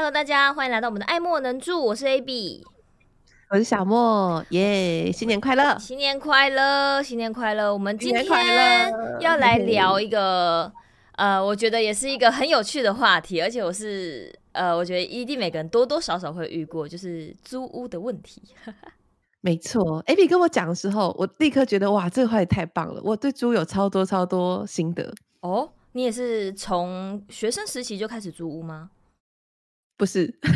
Hello，大家歡迎來到我們的愛莫能助，我是 AB，我是小莫，耶、yeah,，新年快樂，新年快樂，新年快樂，我們今天要來聊一個，呃，呃，我覺得也是一個很有趣的話題，而且我是，呃，我覺得一定每個人多多少少會遇過，就是租屋的問題。 沒錯，AB 跟我講的時候，我立刻覺得哇，這個話也太棒了，我對租有超多超多心得哦。你也是從學生時期就開始租屋嗎？不是，你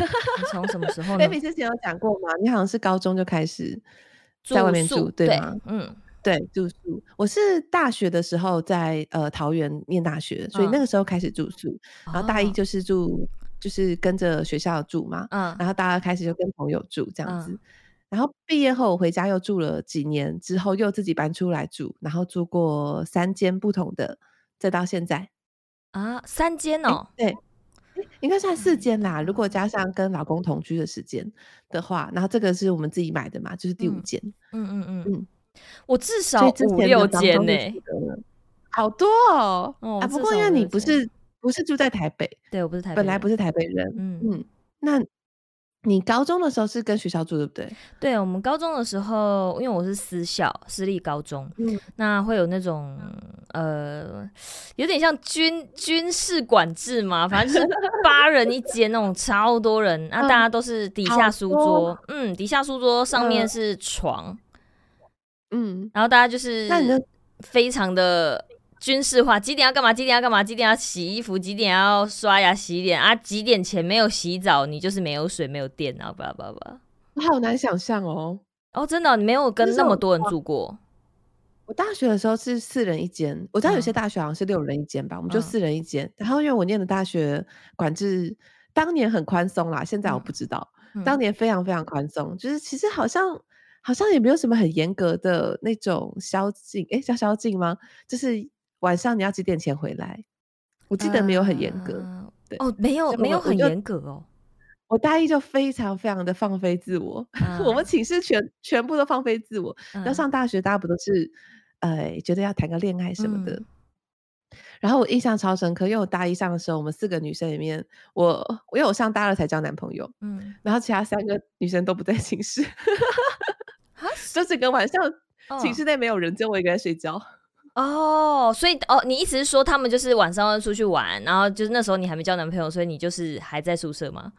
從 什麼時候？Baby、欸、之前有講過嗎？你好像是高中就開始在外面住，住宿對嗎？對嗯，對，住宿。我是大學的時候在呃桃園念大學，所以那個時候開始住宿。嗯、然後大一就是住，哦、就是跟着學校住嘛。嗯，然後大二開始就跟朋友住這樣子。嗯、然後畢業後我回家又住了幾年，之後又自己搬出來住，然後住過三間不同的，再到現在。啊，三間哦、欸，對。應該算四間啦，嗯、如果加上跟老公同居的時間的話，然後這個是我們自己買的嘛，就是第五間。嗯嗯嗯嗯，嗯嗯嗯嗯，我至少五六間呢，好多哦。哦啊，不過、啊、因為你不是，不是住在台北，對我不是台北，本來不是台北人，嗯嗯，那。你高中的時候是跟學校住對不對？對，我們高中的時候，因為我是私校私立高中，嗯，那會有那種呃，有點像軍軍事管制嘛，反正就是八人一間那種 超多人，啊，大家都是底下書桌，嗯、嗯，底下書桌上面是床，嗯，然後大家就是非常的。軍事化，幾點要幹嘛？幾點要幹嘛？幾點要洗衣服？幾點要刷牙洗臉？啊，幾點前沒有洗澡，你就是沒有水，沒有電啊！叭叭叭，我好難想象哦。哦，真的、哦，你沒有跟那麼多人住過。我，我大學的時候是四人一間，我知道有些大學好像是六人一間吧，嗯、我們就四人一間。嗯、然後，因為我念的大學管制當年很寬鬆啦，現在我不知道，嗯、當年非常非常寬鬆，就是其實好像、嗯、好像也沒有什麼很嚴格的那種宵禁，哎、欸，叫宵禁嗎？就是。晚上你要幾點前回來？我記得沒有很嚴格，啊、對哦，沒有沒有很嚴格哦。我大一就非常非常的放飛自我，啊、 我們寢室全全部都放飛自我。要、嗯、上大學，大家不都是呃覺得要談個戀愛什麼的？嗯、然後我印象超深刻，因為我大一上的時候，我們四個女生裡面，我因為我上大二才交男朋友，嗯，然後其他三個女生都不在寢室， 哈就整個晚上寢室內沒有人，哦、就我一個人睡覺。哦，所以哦，你意思是說他們就是晚上要出去玩，然後就是那時候你還沒交男朋友，所以你就是還在宿舍嗎？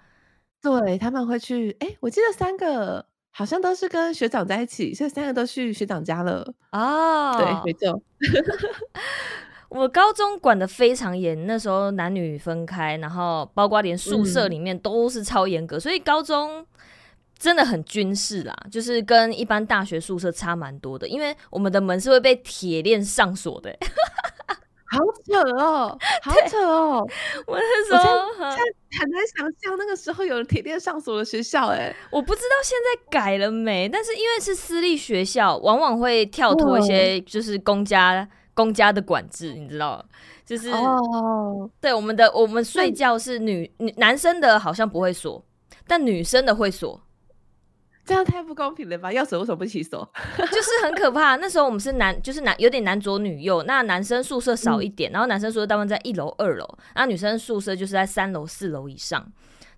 對，他們會去。誒、欸、我記得三個好像都是跟學長在一起，所以三個都去學長家了。哦，對，沒錯。 我高中管得非常嚴，那時候男女分開，然後包括連宿舍裡面都是超嚴格，嗯、所以高中。真的很軍事啦，就是跟一般大學宿舍差蠻多的，因為我們的門是會被鐵鏈上鎖的、欸， 好扯哦，好扯哦！ 我那時候很難想象，那個時候有鐵鏈上鎖的學校、欸，哎，我不知道現在改了沒，但是因為是私立學校，往往會跳脫一些就是公家、oh. 公家的管制，你知道嗎？就是、oh. 對我們的我們睡覺是女對男生的好像不會鎖，但女生的會鎖。這樣太不公平了吧？要死為什麼不起手？ 就是很可怕。那時候我們是男，就是男有點男左女右，那男生宿舍少一點，嗯、然後男生宿舍大部分在一樓、二樓，那女生宿舍就是在三樓、四樓以上。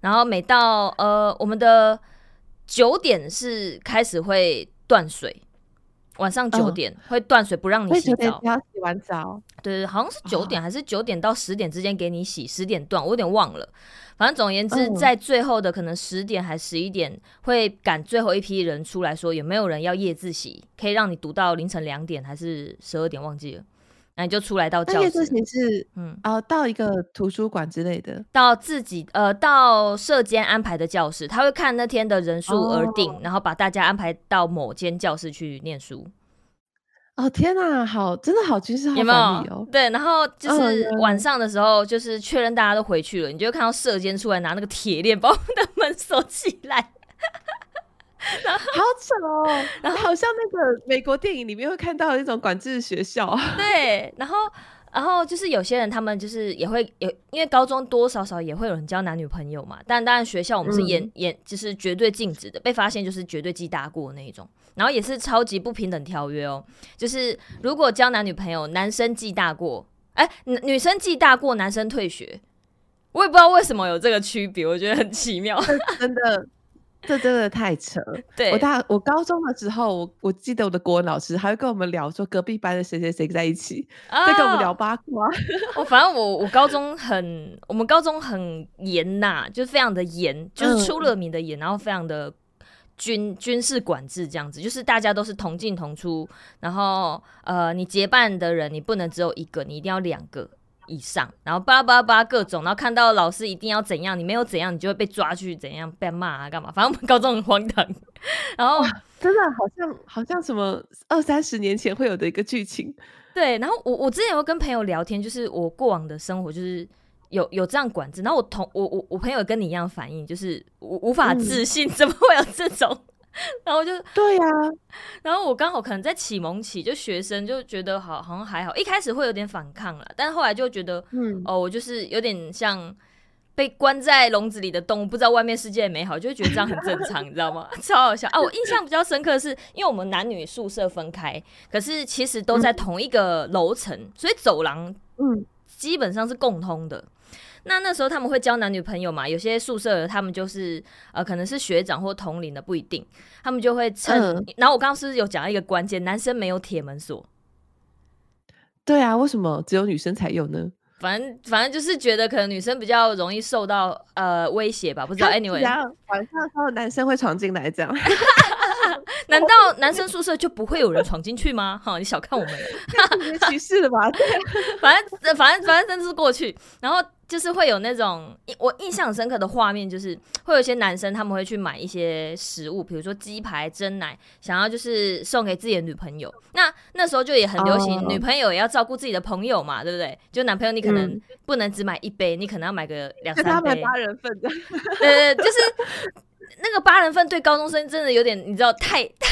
然後每到呃，我們的九點是開始會斷水，晚上九點會斷水，不讓你洗澡。你要、哦、洗完澡，對，好像是九點、哦、還是九點到十點之間給你洗，十點斷，我有點忘了。反正總而言之，在最後的可能十點還是十一點會趕最後一批人出來說有沒有人要夜自習，可以讓你讀到凌晨兩點還是十二點忘記了，那你就出來到教室。夜自習是，嗯哦，到一個圖書館之類的，到自己呃到社間安排的教室，他會看那天的人數而定，哦，然後把大家安排到某間教室去念書。哦、oh, 天吶，好，真的好軍事，好管理哦，有沒有。對，然後就是晚上的時候，就是確認大家都回去了，oh, yeah. 你就會看到舍監出來拿那個鐵鏈把我們的門鎖起來， 然後好蠢哦。然後，然後好像那個美國電影裡面會看到那種管制學校。對，然後然後就是有些人他們就是也會有，因為高中多少少也會有人交男女朋友嘛，但當然學校我們是嚴嚴，嗯、就是絕對禁止的，被發現就是絕對記大過那一種。然後也是超級不平等條約哦，就是如果交男女朋友，男生記大過，哎，女生記大過，男生退學。我也不知道為什麼有這個區別，我覺得很奇妙。真的，這真的太扯了。對，我大，我高中的時候，我我記得我的國文老師還會跟我們聊說隔壁班的誰誰誰在一起，在、oh, 跟我們聊八卦。我、 哦、反正我我高中很，我們高中很嚴吶，就是非常的嚴，就是出了名的嚴，嗯、然後非常的。軍軍事管制這樣子，就是大家都是同進同出，然後呃，你結伴的人你不能只有一個，你一定要兩個以上，然後巴拉巴拉巴拉各種，然後看到老師一定要怎樣，你沒有怎樣，你就會被抓去怎樣被罵啊幹嘛？反正我們高中很荒唐，然後真的好像 好像什麼二三十年前，會有的一個劇情，對，然後我我之前有跟朋友聊天，就是我過往的生活就是。有有這樣管制，然後我同我我我朋友跟你一樣反應，就是無無法置信，嗯、怎麼會有這種？然後就對呀、啊，然後我剛好可能在啟蒙期，就學生就覺得好好像還好，一開始會有點反抗啦，但後來就覺得，嗯，哦，我就是有點像被關在籠子裡的動物，不知道外面世界也美好，就會覺得這樣很正常， 你知道嗎？超好笑啊！我印象比較深刻的是因為我們男女宿舍分開，可是其實都在同一個樓層，嗯、所以走廊嗯基本上是共通的。那那時候他們會交男女朋友嘛。有些宿舍他們就是呃，可能是學長或同齡的不一定，他們就會趁。呃、然後我剛剛是，是有講到一個關鍵，男生沒有鐵門鎖。對啊，為什麼只有女生才有呢？反正反正就是覺得可能女生比較容易受到呃威脅吧，不知道。Anyway，然後晚上時候男生會闖進來這樣。 難道男生宿舍就不會有人闖進去嗎？ 哈，你小看我們了，歧視的吧？反正反正反正，這是過去。然後就是會有那種我印象深刻的畫面，就是會有一些男生他們會去買一些食物，比如說雞排、珍奶，想要就是送給自己的女朋友。那那時候就也很流行，女朋友也要照顧自己的朋友嘛，對不對？就男朋友你可能不能只買一杯，嗯、你可能要買個兩三杯，八人份的。 呃、就是。那個八人份對高中生真的有點，你知道，太太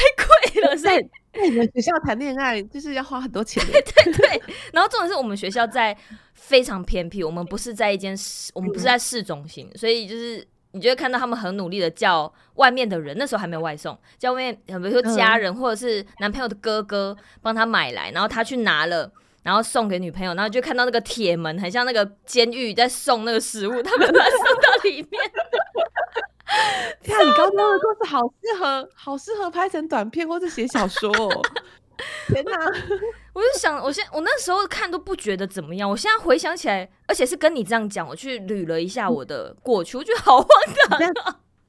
貴了，是？在你們學校談戀愛就是要花很多錢 對，對對。然後重點是我們學校在非常偏僻，我們不是在一間市，我們不是在市中心，嗯嗯，所以就是你就會看到他們很努力的叫外面的人，那時候還沒有外送，叫外面比如說家人或者是男朋友的哥哥幫他買來，然後他去拿了，然後送給女朋友，然後就看到那個鐵門，很像那個監獄在送那個食物，他們把他送到裡面。 天啊！大你高中的故事好適合，好適合拍成短片或是寫小說。天吶，我就想，我現我那時候看都不覺得怎麼樣，我現在回想起來，而且是跟你這樣講，我去捋了一下我的過去，嗯、我覺得好荒唐。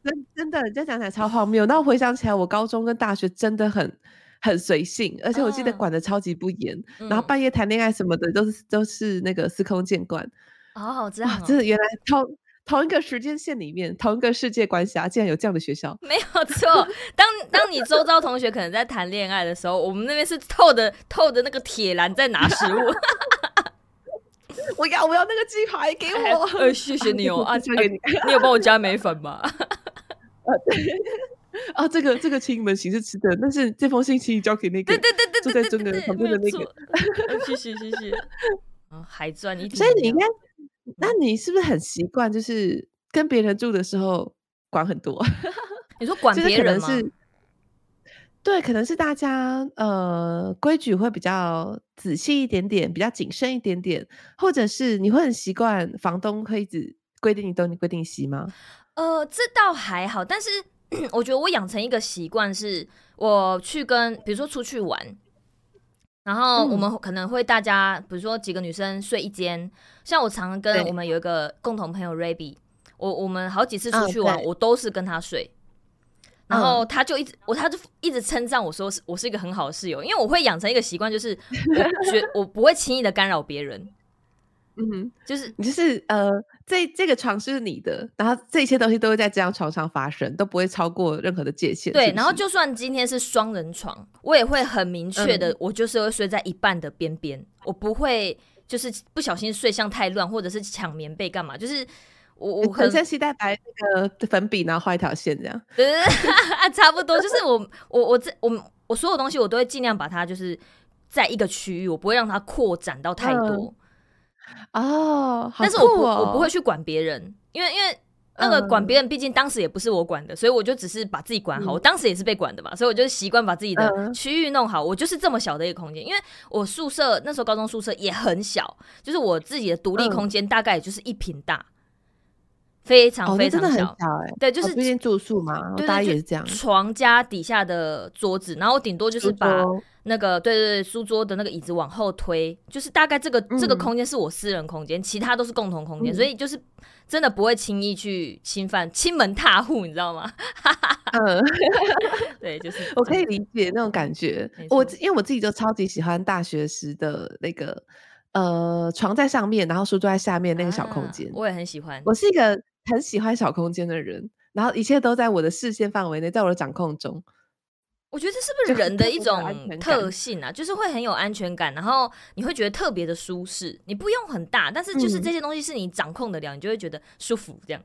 真真的，再講起來超荒謬。那 回想起來，我高中跟大學真的很很隨性，而且我記得管的超級不嚴，嗯、然後半夜談戀愛什麼的都是都是那個司空見慣。哦，好好這樣、哦哦，真的原來超。同一個時間線裡面，同一個世界關係啊，竟然有這樣的學校，沒有錯。當當你周遭同學可能在談戀愛的時候， 我們那邊是透的透的那個鐵欄在拿食物。 我要我要那個雞排給我？哎、呃，謝謝你哦啊，交給你，啊啊、你有幫我加美粉嗎？ 啊對啊，這個這個，請你們寢室吃的，但是這封信請交給那個，對對對對，對對對對，坐在這個旁邊的那個。謝謝謝謝。 啊，還賺一點，所以你應該。那你是不是很習慣，就是跟別人住的時候管很多 ？你說管別人嗎是是？對，可能是大家呃規矩會比較仔細一點點，比較謹慎一點點，或者是你會很習慣房東可以只規定你東，你規定西嗎？呃，這倒還好，但是我覺得我養成一個習慣是，我去跟比如說出去玩。然後我們可能會大家，嗯、比如說幾個女生睡一間，像我常跟我們有一個共同朋友 Raby，我我們好幾次出去玩，uh, okay. 我都是跟她睡，uh. 然後他就一直我他就一直稱讚我說，我是一個很好的室友，因為我會養成一個習慣，就是 我我不會輕易的干擾別人，嗯， 就是你就是呃。這這個床是你的，然後這些東西都會在這張床上發生，都不會超過任何的界限。對，是是然後就算今天是雙人床，我也會很明確的，嗯、我就是會睡在一半的邊邊，我不會就是不小心睡相太亂，或者是搶棉被幹嘛。就是我我很期待白那個粉筆，然後畫一條線，這樣差不多。就是我我我這我我所有東西，我都會盡量把它就是在一個區域，我不會讓它擴展到太多。嗯哦，oh, 但是我不、哦、我不會去管別人，因為因為那個管別人，畢竟當時也不是我管的，嗯、所以我就只是把自己管好。嗯、我當時也是被管的嘛，所以我就習慣把自己的區域弄好。嗯、我就是這麼小的一個空間，因為我宿舍那時候高中宿舍也很小，就是我自己的獨立空間大概也就是一坪大，嗯、非常非常小。哦小欸、對，就是畢、哦、竟住宿嘛，對對對，大概也是這樣，床架底下的桌子，然後頂多就是把。那個對對對，書桌的那個椅子往後推，就是大概這個這個空間是我私人空間，嗯、其他都是共同空間，嗯、所以就是真的不會輕易去侵犯，侵門踏戶，你知道嗎？哈、 嗯， 對，就是我可以理解那種感覺。嗯、我因為我自己就超級喜歡大學時的那個錯呃床在上面，然後書桌在下面那個小空間，啊，我也很喜歡。我是一個很喜歡小空間的人，然後一切都在我的視線範圍內，在我的掌控中。我覺得這是不是人的一種特性啊？就，就是會很有安全感，然後你會覺得特別的舒適。你不用很大，但是就是這些東西是你掌控得了，嗯、你就會覺得舒服。這樣，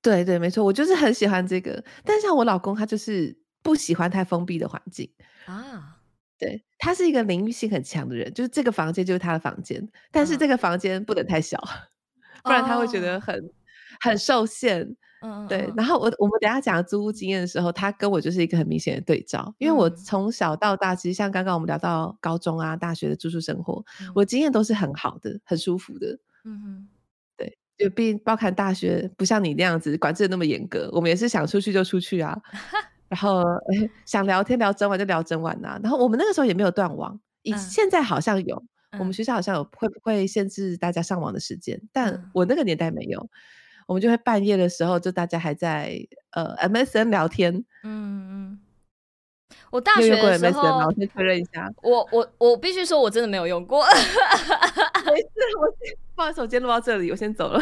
對對，對，沒錯，我就是很喜歡這個。但是，像我老公他就是不喜歡太封閉的環境啊。對，他是一個領域性很強的人，就是這個房間就是他的房間，但是這個房間不能太小，啊、 不然他會覺得很、哦、很受限。嗯， 對。然後我我們等下講租屋經驗的時候，他跟我就是一個很明顯的對照，因為我從小到大，其實像剛剛我們聊到高中啊、大學的住宿生活，我經驗都是很好的、很舒服的。嗯哼，對，就畢竟包括大學不像你那樣子管制得那麼嚴格，我們也是想出去就出去啊， 然後想聊天聊整晚就聊整晚吶、啊。然後我們那個時候也沒有斷網，以現在好像有，嗯、我們學校好像有，嗯、會不會限制大家上網的時間？但我那個年代沒有。我們就會半夜的時候，就大家還在呃 MSN 聊天。嗯嗯，我大學的時候我，我先確認一下。我我我必須說，我真的沒有用過。 沒事，我放一首，今天錄到這裡，我先走了。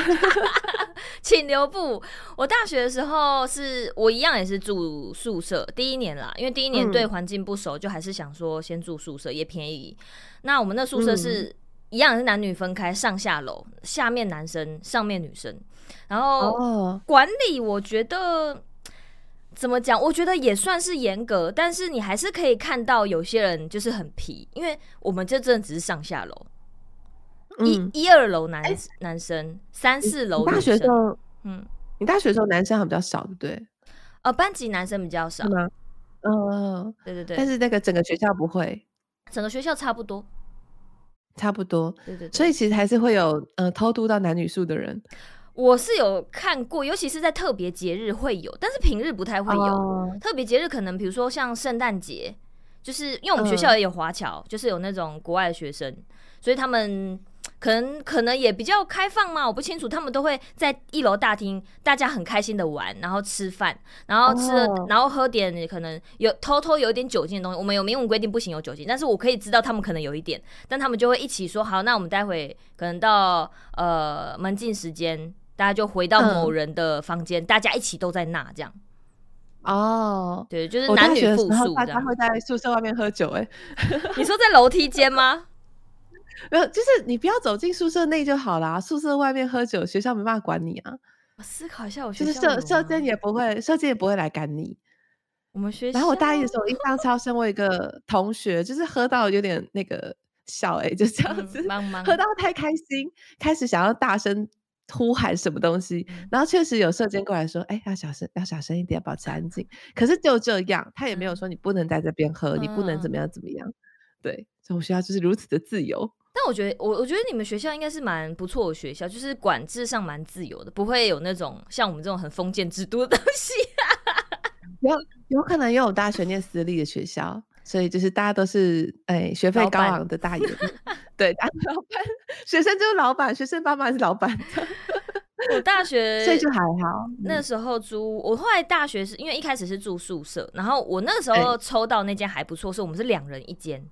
請留步。我大學的時候是，我一樣也是住宿舍。第一年啦，因為第一年對環境不熟，嗯、就還是想說先住宿舍也便宜。那我們那宿舍是、嗯、一樣是男女分開，上下樓，下面男生，上面女生。然後管理，我覺得、oh. 怎麼講？我覺得也算是嚴格，但是你還是可以看到有些人就是很皮。因為我們這陣只是上下樓，嗯、一一二樓男、欸、男生，三四樓女生。嗯，你大學的時、嗯、時候男生還比較少，對不對？呃，班級男生比較少嗎？嗯，哦、對對對。但是那個整個學校不會，嗯、整個學校差不多，差不多。對對。所以其實還是會有、呃、偷渡到男女宿的人。我是有看過，尤其是在特別節日會有，但是平日不太會有。特別節日可能比如說像聖誕節，就是因為我們學校也有華僑，就是有那種國外的學生，所以他們可能可能也比較開放嘛，我不清楚。他們都會在一樓大廳，大家很開心的玩，然後吃飯，然後吃，然後喝點可能有偷偷有一點酒精的東西。我們有明文規定不行有酒精，但是我可以知道他們可能有一點，但他們就會一起說好，那我們待會可能到呃門禁時間。大家就回到某人的房間，嗯、大家一起都在那這樣。哦，對，就是男女複數這樣。他會在宿舍外面喝酒、欸，哎， 你說在樓梯間嗎？ 沒有，就是你不要走進宿舍內就好啦。宿舍外面喝酒，學校沒辦法管你啊。我思考一下我學校，我就是舍舍監也不會，舍監也不會來趕你。我們學校，然後我大一的時候，我印象超深，我有一個同學 就是喝到有點那個笑、欸，哎，就這樣子，嗯、茫茫喝到太開心，開始想要大聲。呼喊什麼東西，然後確實有舍監過來說：“哎、欸，要小聲，要小聲一點，保持安靜。”可是就這樣，他也沒有說你不能在這邊喝，嗯、你不能怎麼樣怎麼樣。對，所以我學校就是如此的自由。但我覺得，我我覺得你們學校應該是蠻不錯的學校，就是管制上蠻自由的，不會有那種像我們這種很封建制度的東西、啊。 有有可能也有大學念私立的學校。所以就是大家都是哎、欸、學費高昂的大爺，老闆 對，啊、老板學生就是老板，學生爸媽是老板。我大學所以就還好，嗯、那時候租我後來大學是因為一開始是住宿舍，然後我那時候抽到那間還不錯，是、欸、我們是兩人一間，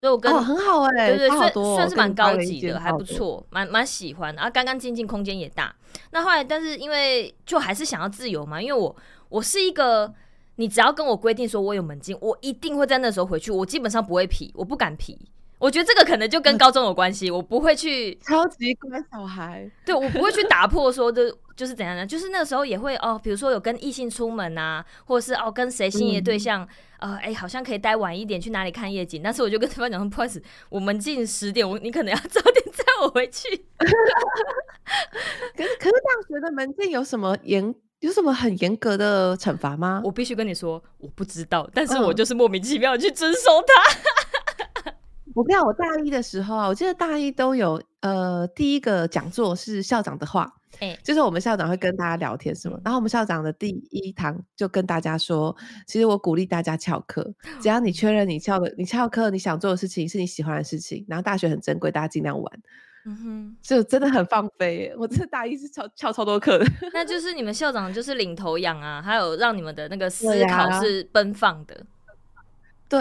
所以我跟、哦、很好哎、欸，對，對對，算算是蠻高級的，還不錯，蠻蠻喜歡的，然後乾乾淨淨，剛剛進進空間也大。那後來但是因為就還是想要自由嘛，因為我我是一個。你只要跟我規定說，我有門禁，我一定會在那時候回去。我基本上不會皮，我不敢皮。我覺得這個可能就跟高中有關係，嗯、我不會去。超級乖小孩。對，我不會去打破說的，就是怎樣呢？ 就是那時候也會哦，比如說有跟異性出門吶、啊，或者是哦跟誰心儀的對象，嗯、呃，哎、欸，好像可以待晚一點，去哪裡看夜景？但是我就跟他們講說，不好意思，我門禁十點，我你可能要早點載我回去。可 可是大學的門禁有什麼嚴？有什麼很嚴格的懲罰嗎？我必須跟你說，我不知道，但是我就是莫名其妙去遵守它。 我講，我大一的時候啊，我記得大一都有呃第一個講座是校長的話，欸、就是我們校長會跟大家聊天什麼。嗯、然後我們校長的第一堂就跟大家說，嗯、其實我鼓勵大家翹課，只要你確認你翹的，你翹課你想做的事情是你喜歡的事情，然後大學很珍貴，大家盡量玩。嗯哼，就真的很放飛。我這大一是翹翹超多課的，那就是你們校長就是領頭羊啊，還有讓你們的那個思考是奔放的。對，啊、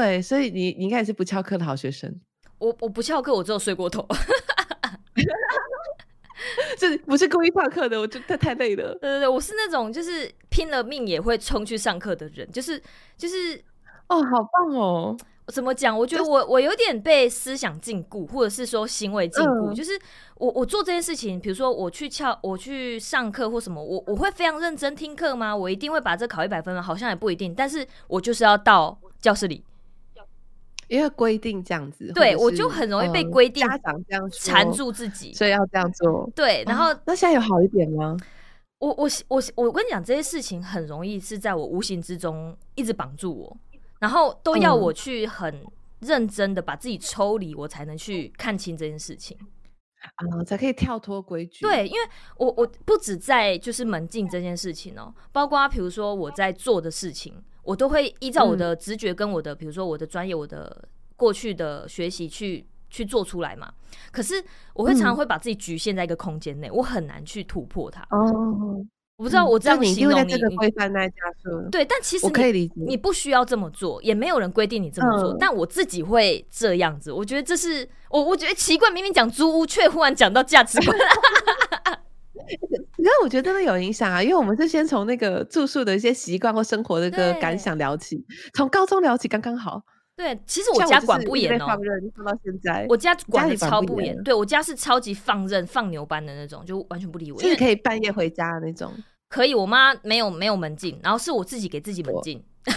對，所以你你應該也是不翹課的好學生。我我不翹課，我只有睡過頭，這 不是故意曠課的，我就太太累了。對，對，對，我是那種就是拼了命也會衝去上課的人，就是就是哦，好棒哦。怎麼講？我覺得我、就是、我有點被思想禁錮，或者是說行為禁錮。嗯、就是我我做這件事情，比如說我去翹，我去上課或什麼，我我會非常認真聽課嗎？我一定會把這考一百分嗎？好像也不一定。但是我就是要到教室裡，因為規定這樣子。對，我就很容易被規定、嗯，家長這樣纏住自己，所以要這樣做。對，然後、啊、那現在有好一點嗎？我我我我跟你講，這些事情很容易是在我無形之中一直綁住我。然後都要我去很認真的把自己抽離，我才能去看清這件事情、嗯、才可以跳脫規矩。對，因為我我不只在就是門禁這件事情哦、喔，包括比如說我在做的事情，我都會依照我的直覺跟我的，嗯、比如說我的專業、我的過去的學習去去做出來嘛。可是我會常常會把自己局限在一個空間內，嗯、我很難去突破它、哦。我不知道我這樣形容你，對，但其實你我可以理解，你不需要這麼做，也沒有人規定你這麼做。嗯、但我自己會這樣子，我覺得這是我，我覺得奇怪，明明講租屋，卻忽然講到價值觀。因為我覺得真的有影響啊，因為我們是先從那個住宿的一些習慣或生活的一個感想聊起，從對高中聊起，剛剛好。對，其實我家管不嚴哦、喔。放任放到現在。我家管得超不嚴，不對，我家是超級放任、放牛班的那種，就完全不理我。就是可以半夜回家的那種。可以，我媽沒有沒有門禁，然後是我自己給自己門禁。我，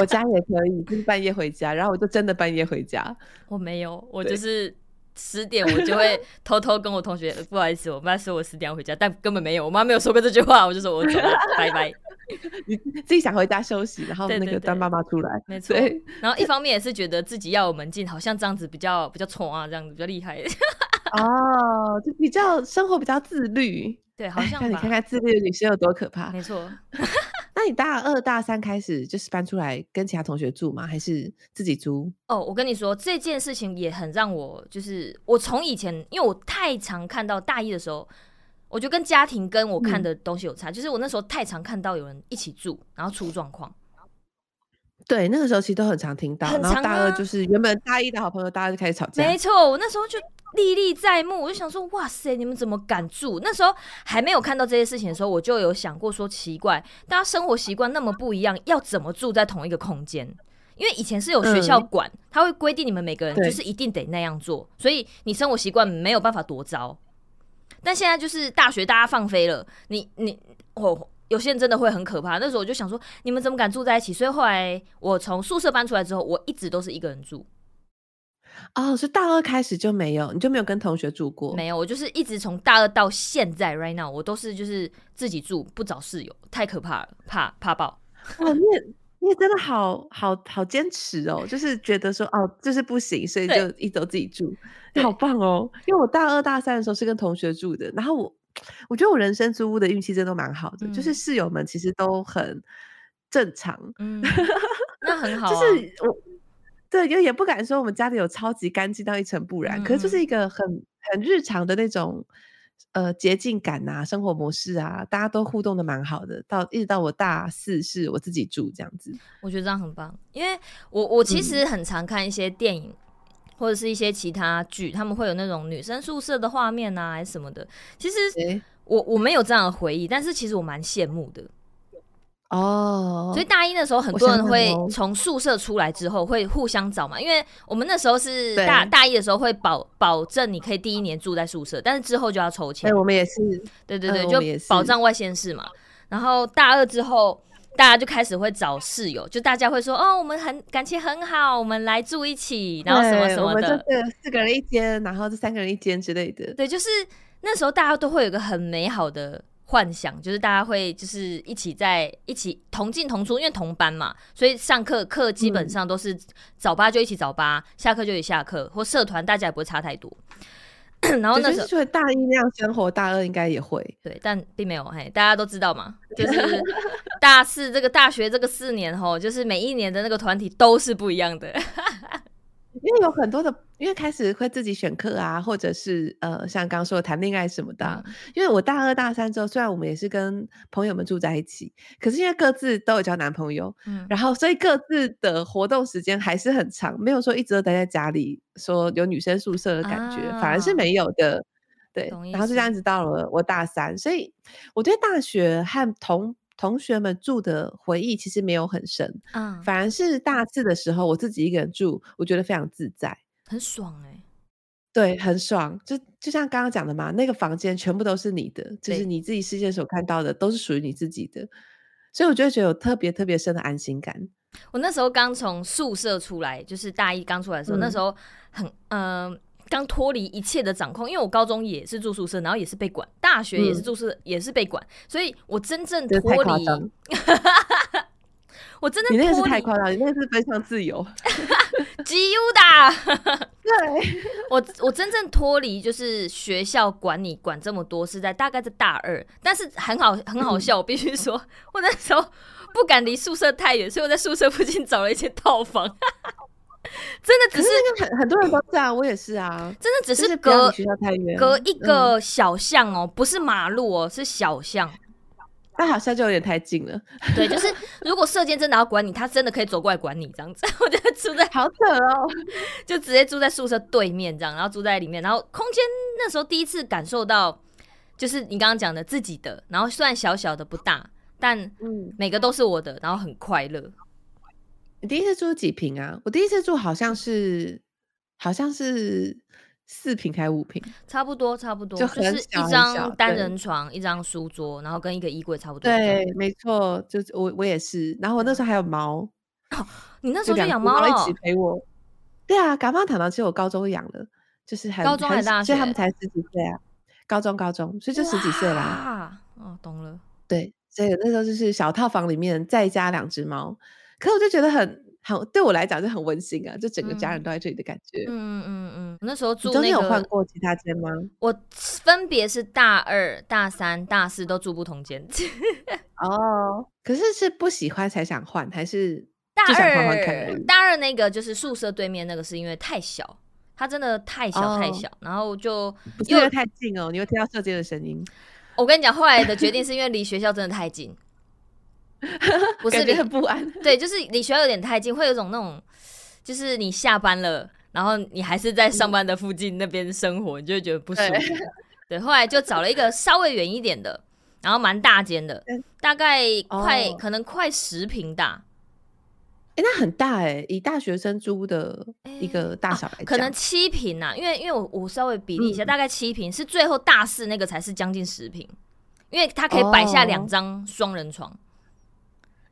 我家也可以， 就是半夜回家，然後我就真的半夜回家。我沒有，我就是。十點我就會偷偷跟我同學， 不好意思，我媽說我十點要回家，但根本沒有，我媽沒有說過這句話，我就說我走了， 拜拜。你自己想回家休息，然後那個當媽媽出來，沒錯。然後一方面也是覺得自己要有門禁，好像這樣子比較對比較衝啊，這樣子比較厲害。 哦，就比較生活比較自律，對，好像。那你看看自律的女生有多可怕？沒錯錯。 那你大二大三開始就是搬出來跟其他同學住嗎？還是自己租？哦，我跟你說，這件事情也很讓我，就是我從以前，因為我太常看到大一的時候，我覺得跟家庭跟我看的東西有差，嗯、就是我那時候太常看到有人一起住，然後出狀況。對，那個時候其實都很常聽到，啊、然後大二就是原本大一的好朋友，大二就開始吵架。沒錯，我那時候就歷歷在目，我就想說，哇塞，你們怎麼敢住？那時候還沒有看到這些事情的時候，我就有想過說，奇怪，大家生活習慣那麼不一樣，要怎麼住在同一個空間？因為以前是有學校管，他、嗯、會規定你們每個人就是一定得那樣做，對所以你生活習慣沒有辦法多糟。但現在就是大學，大家放飛了，你你我。有些人真的會很可怕。那時候我就想說，你們怎麼敢住在一起？所以後來我從宿舍搬出來之後，我一直都是一個人住。哦，是大二開始就沒有，你就沒有跟同學住過？沒有，我就是一直從大二到現在，right now，我都是就是自己住，不找室友，太可怕了，怕怕爆。哇，你也，你也真的好好好堅持哦，就是覺得說哦，就是不行，所以就一直都自己住，對好棒哦。因為我大二大三的時候是跟同學住的，然後我。我覺得我人生租屋的運氣真的都蠻好的，嗯、就是室友們其實都很正常，嗯， 那很好，啊。就是我對，也也不敢說我們家裡有超級乾淨到一塵不染，嗯，可是就是一個很很日常的那種呃潔淨感啊，生活模式啊，大家都互動的蠻好的。到一直到我大四是我自己住這樣子，我覺得這樣很棒，因為我我其實很常看一些電影。嗯或者是一些其他劇，他們會有那種女生宿舍的畫面啊，還是什麼的。其實我、欸，我我沒有這樣的回憶，但是其實我蠻羨慕的。哦，所以大一的時候，很多人會從宿舍出來之後會互相找嘛，因為我們那時候是大對大一的時候會保保證你可以第一年住在宿舍，但是之後就要抽籤、欸。我們也是，對對對，嗯、就保障外縣市嘛。然後大二之後。大家就開始會找室友，就大家會說哦，我們很感情很好，我們來住一起，然後什麼什麼的。就是四個人一間，然後這三個人一間之類的。對，就是那時候大家都會有一個很美好的幻想，就是大家會就是一起在一起同進同出，因為同班嘛，所以上課課基本上都是早八就一起早八，嗯、下課就一起下課，或社團大家也不會差太多。 然後呢，就會大一那樣生活，大二應該也會。對，但並沒有。嘿，大家都知道嘛，就是大四這個大學這個四年齁，就是每一年的那個團體都是不一樣的。 因為有很多的，因為開始會自己選課啊，或者是呃，像剛說的，談戀愛什麼的、啊。嗯、因為我大二大三之後，雖然我們也是跟朋友們住在一起，可是因為各自都有交男朋友，嗯，然後所以各自的活動時間還是很長，沒有說一直都待在家裡，說有女生宿舍的感覺，啊、反而是沒有的。啊、對，然後就這樣子到了我大三，所以我對大學和同。同學們住的回憶其實沒有很深，嗯、啊，反而是大四的時候我自己一個人住，我覺得非常自在，很爽哎，欸，對，很爽，就就像剛剛講的嘛，那個房間全部都是你的，對就是你自己視線所看到的都是屬於你自己的，所以我覺得覺得有特別特別深的安心感。我那時候剛從宿舍出來，就是大一剛出來的時候，嗯、那時候很嗯。呃剛脫離一切的掌控，因為我高中也是住宿舍，然後也是被管；大學也是住宿舍，嗯、也是被管。所以我真正脫離， 我真正脫離，你那是太誇張，你那是非常自由。自由 由的， 對 我我真正脫離就是學校管你管這麼多是在大概在大二，但是很好很好笑，我必須說，我那時候不敢離宿舍太遠，所以我在宿舍附近找了一間套房。 真的只是，是很很多人都是啊，我也是啊。真的只是隔是隔一個小巷哦、喔，嗯、不是馬路哦、喔，是小巷。那好像就有點太近了。對，就是如果射箭真的要管你，他真的可以走過來管你這樣子。 我覺得住得好扯哦、喔， 就直接住在宿舍對面這樣，然後住在裡面，然後空間那時候第一次感受到，就是你剛剛講的自己的，然後雖然小小的不大，但每個都是我的，然後很快樂。你第一次住幾坪啊？我第一次住好像是，好像是四坪還是五坪差不多，差不多，就，就是一張單人床，對一張書桌，然後跟一個衣櫃差不多。對，沒錯，就是我，我也是。然後我那時候還有貓、嗯哦，你那時候就養貓一起陪我。對啊，感冒塔糖其實我高中養了，就是很高中很大學還，所以他們才十幾歲啊。高中高中，所以就十幾歲啦。哦哇，懂了。對，所以那時候就是小套房裡面再加兩隻貓。可我就覺得很好，對我來講就很溫馨啊，就整個家人都在這裡的感覺。嗯嗯嗯，那時候住、那個、你中間有換過其他間嗎？我分別是大二、大三、大四都住不同間。 哦，可是是不喜歡才想換，還是就想換換看？大二、大二那個就是宿舍對面那個，是因為太小，它真的太小太小，哦、然後就因為太近哦，為你會聽到設計的聲音。我跟你講，後來的決定是因為離學校真的太近。 不是你，感覺不安。對，就是離學校有點太近，會有種那種，就是你下班了，然後你還是在上班的附近那邊生活，你就會覺得不舒服。對，對，後來就找了一個稍微遠一點的， 然後蠻大間的，大概快、欸、可能快十坪大。哎、欸，那很大哎、欸，以大學生租的一個大小來講、欸、啊、可能七坪吶、啊。因為因為我我稍微比例一下，嗯、大概七坪是最後大四那個才是將近十坪，因為它可以擺下兩張雙人床。哦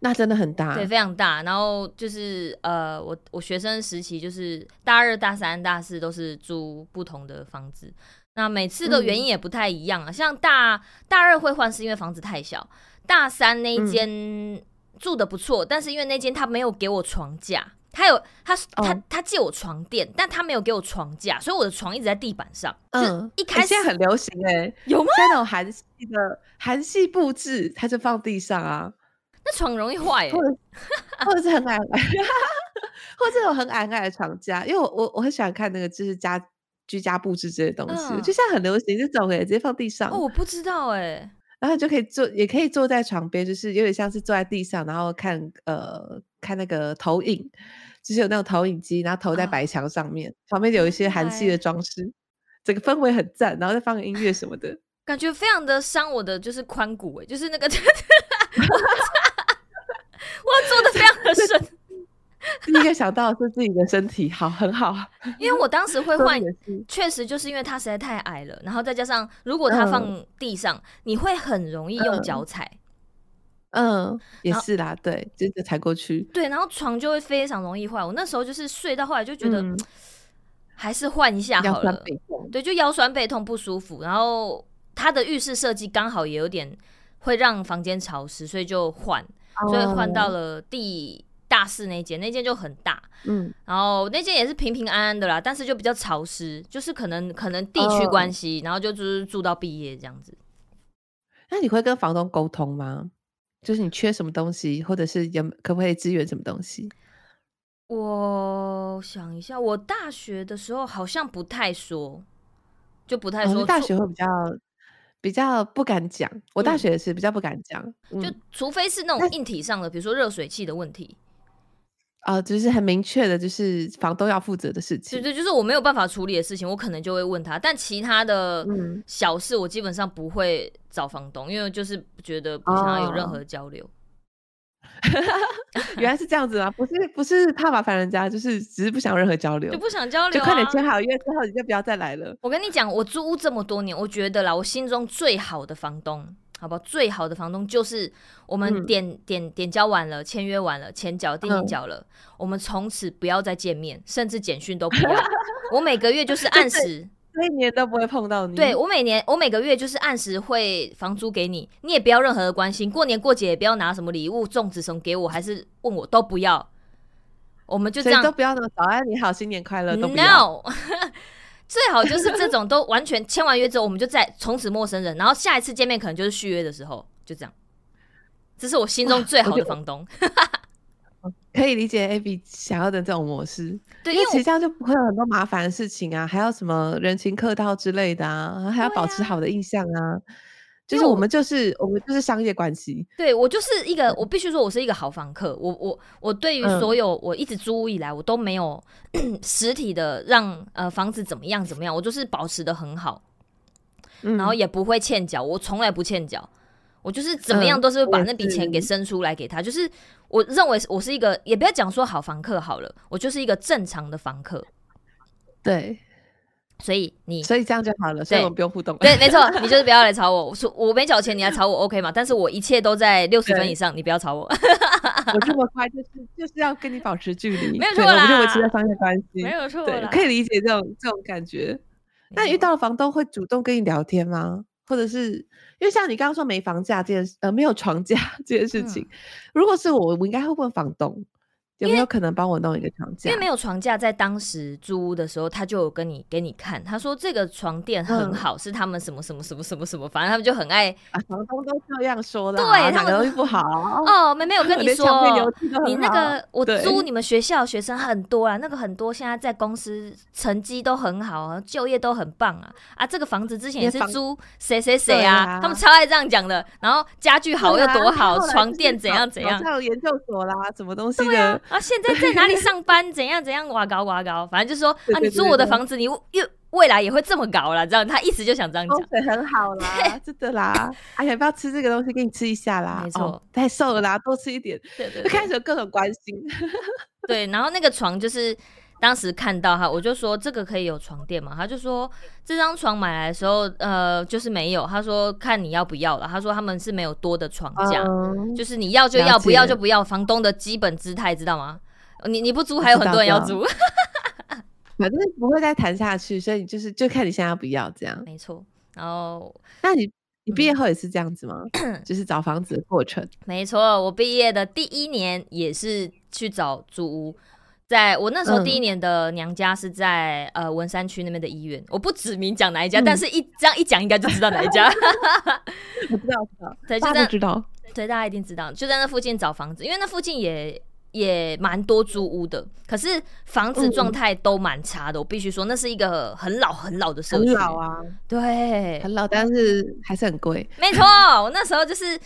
那真的很大，對，非常大。然後就是呃，我我學生時期就是大二、大三、大四都是租不同的房子。那每次的原因也不太一樣啊。嗯、像大大二會換是因為房子太小，大三那間住得不錯，嗯、但是因為那間他沒有給我床架，他有他、嗯、他他借我床墊，但他沒有給我床架，所以我的床一直在地板上。嗯，一開始、欸、現在很流行哎、欸，有嗎？在那種韓系的韓系佈置，他就放地上啊。床容易壞、欸，或者是很矮，矮， 或者有很矮矮的床架，因為我我，我很喜歡看那個就是家居家布置這些東西，呃、就像很流行這種哎、欸，直接放地上。哦，我不知道哎、欸，然後就可以坐，也可以坐在床邊，就是有點像是坐在地上，然後看呃看那個投影，就是有那種投影機，然後投在白牆上面，啊、旁邊有一些韓系的裝飾，整唉個氛圍很讚，然後再放個音樂什麼的，感覺非常的傷我的就是髖骨哎、欸，就是那個。 我做的非常的順，第一個想到是自己的身體，好，很好。 因為我當時會換，確實就是因為它實在太矮了，然後再加上如果它放地上，嗯、你會很容易用腳踩嗯。嗯，也是啦，後對，就是踩過去。對，然後床就會非常容易壞。我那時候就是睡到後來就覺得，嗯、還是換一下好了。對，就腰痠背痛不舒服。然後它的浴室設計剛好也有點會讓房間潮濕，所以就換。所以換到了第大四那間，oh. 那間就很大，嗯，然後那間也是平平安安的啦，但是就比較潮濕，就是可能可能地區關係，oh. 然後就就是住到畢業這樣子。那你會跟房東溝通嗎？就是你缺什麼東西，或者是有可不可以支援什麼東西？我想一下，我大學的時候好像不太說，就不太說，oh, 大學會比較。比較不敢講，我大學也是比較不敢講，嗯嗯、就除非是那種硬體上的，但比如說熱水器的問題，啊、呃，就是很明確的，就是房東要負責的事情。對，對對，就是我沒有辦法處理的事情，我可能就會問他。但其他的小事，我基本上不會找房東，嗯、因為就是覺得不想要有任何交流。哦 原來是這樣子嗎？不是，不是怕麻煩人家，就是只是不想任何交流，就不想交流，啊，就快點簽好，因為之後你就不要再來了。我跟你講，我租屋這麼多年，我覺得啦，我心中最好的房東，好不好？最好的房東就是我們點、嗯、點點交完了，簽約完了，錢繳定金繳了，嗯、我們從此不要再見面，甚至簡訊都不要。 我每個月就是按時、就是。所以你也都不會碰到你。對，我每年，我每個月就是按時會房租給你，你也不要任何的關心。過年過節也不要拿什麼禮物、粽子什麼給我，還是問我都不要。我們就這樣都不要。那麼早安，你好，新年快樂。No， 最好就是這種都完全簽完約之後，我們就再從此陌生人。 然後下一次見面可能就是續約的時候，就這樣。這是我心中最好的房東。 可以理解 a b 想要的這種模式，對，因為其實這樣就不會有很多麻煩的事情啊，還要什麼人情客套之類的啊，啊還要保持好的印象啊，就是我們就是我們就是商業關係。對我就是一個，對我必須說我是一個好房客，我我我對於所有、嗯、我一直租屋以來，我都沒有 實體的讓呃房子怎麼樣怎麼樣，我就是保持的很好，嗯、然後也不會欠繳，我從來不欠繳。我就是怎麼樣都是把那筆錢給生出來給他，嗯、是就是我認為我是一個，也不要講說好房客好了，我就是一個正常的房客，對。所以你，所以這樣就好了，所以我們不用互動對。對，沒錯，你就是不要來吵我，我 我沒繳錢，你來吵我，OK 嘛？但是我一切都在六十分以上，對你不要吵我。 我這麼快就是就是要跟你保持距離，沒有錯啦。我其他商業關係，沒有錯，對，可以理解這種這種感覺。那、嗯、遇到了房東會主動跟你聊天嗎？或者是因為像你剛剛說沒房價這件事，呃，沒有床架這件事情，嗯。如果是我，我應該會問房東。有沒有可能幫我弄一個床架？因為沒有床架，在當時租屋的時候，他就有跟你給你看，他說這個床墊很好，是他們什麼什麼什麼什麼什麼，反正他們就很愛啊，房東都這樣說的，對他們又不好哦。沒沒有跟你說，你那個我租你們學校學生很多啊，那個很多現在在公司成績都很好啊，就業都很棒啊啊！這個房子之前也是租誰誰誰啊，他們超愛這樣講的。然後家具好又多好，床墊怎樣怎樣，還有研究所啦，什麼東西的。啊！現在在哪裡上班？對 怎樣怎樣？哇高哇高！反正就是說對對對對啊，你租我的房子，你又未來也會這麼高了，這樣。他一直就想這樣講，風水很好啦，對 真的啦。 哎呀，不要吃這個東西，給你吃一下啦。沒錯錯、哦，太瘦了啦，多吃一點。就開始有各種關心。 對，然後那個床就是。當時看到哈，我就說這個可以有床墊嘛？他就說，這張床買來的時候，呃，就是沒有。他說看你要不要了。他說他們是沒有多的床架，嗯、就是你要就要，解不要就不要，房東的基本姿態，知道嗎？你你不租，還有很多人要租，啊、 反正不會再談下去，所以就是就看你現在要不要這樣。沒錯，然後那你你畢業後也是這樣子嗎？ 就是找房子的過程？嗯、沒錯，我畢業的第一年也是去找租屋。在我那時候第一年的娘家是在呃文山區那邊的醫院，嗯、我不指明講哪一家，嗯、但是一這樣一講應該就知道哪一家。我不知道， 對，就大家知道對，對，大家一定知道，就在那附近找房子，因為那附近也也蠻多租屋的，可是房子狀態都蠻差的，嗯、我必須說，那是一個很老很老的社區。很老啊，對，很老，但是還是很貴。 沒錯，我那時候就是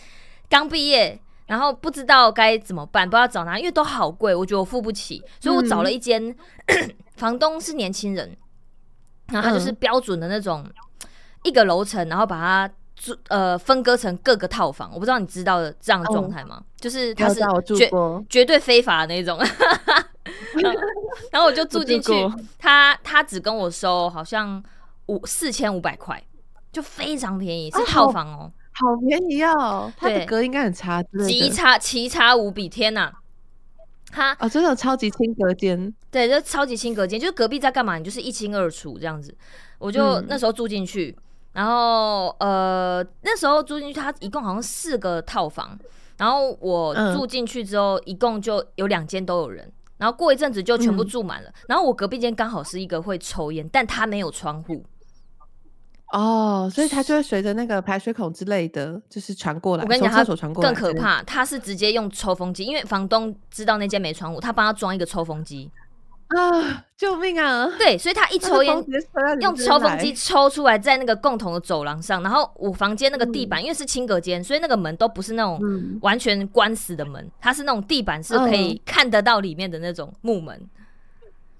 剛畢業。然後不知道該怎麼辦，不知道找哪，因為都好貴，我覺得我付不起，所以我找了一間，嗯、 房東是年輕人，然後它就是標準的那種一個樓層，然後把它住呃分割成各個套房。我不知道你知道的這樣的狀態嗎？哦、就是他是到絕，絕，絕對非法的那種 然，然後我就住進去，他他只跟我收好像五四千五百塊，就非常便宜，是套房哦。哦好便宜哦！他的格應該很差，這個，極差，奇差無比。天啊，它，哦，真的有超級輕隔間，對，就超級輕隔間，就是隔壁在幹嘛，你就是一清二楚這樣子。我就那時候住進去，嗯、然後呃，那時候住進去，他一共好像四個套房，然後我住進去之後，嗯、一共就有兩間都有人，然後過一陣子就全部住滿了，嗯、然後我隔壁間剛好是一個會抽煙，但他沒有窗戶。哦，所以它就會隨着那個排水孔之類的就是傳過來。我跟你講，廁所傳過來它更可怕。他是直接用抽風機，對因為房東知道那間沒窗戶，他幫他裝一個抽風機。啊！救命啊！對，所以他一抽煙，用抽風機抽出來，在那個共同的走廊上。然後我房間那個地板，嗯、因為是輕隔間，所以那個門都不是那種完全關死的門，嗯、它是那種地板是可以看得到裡面的那種木門。嗯嗯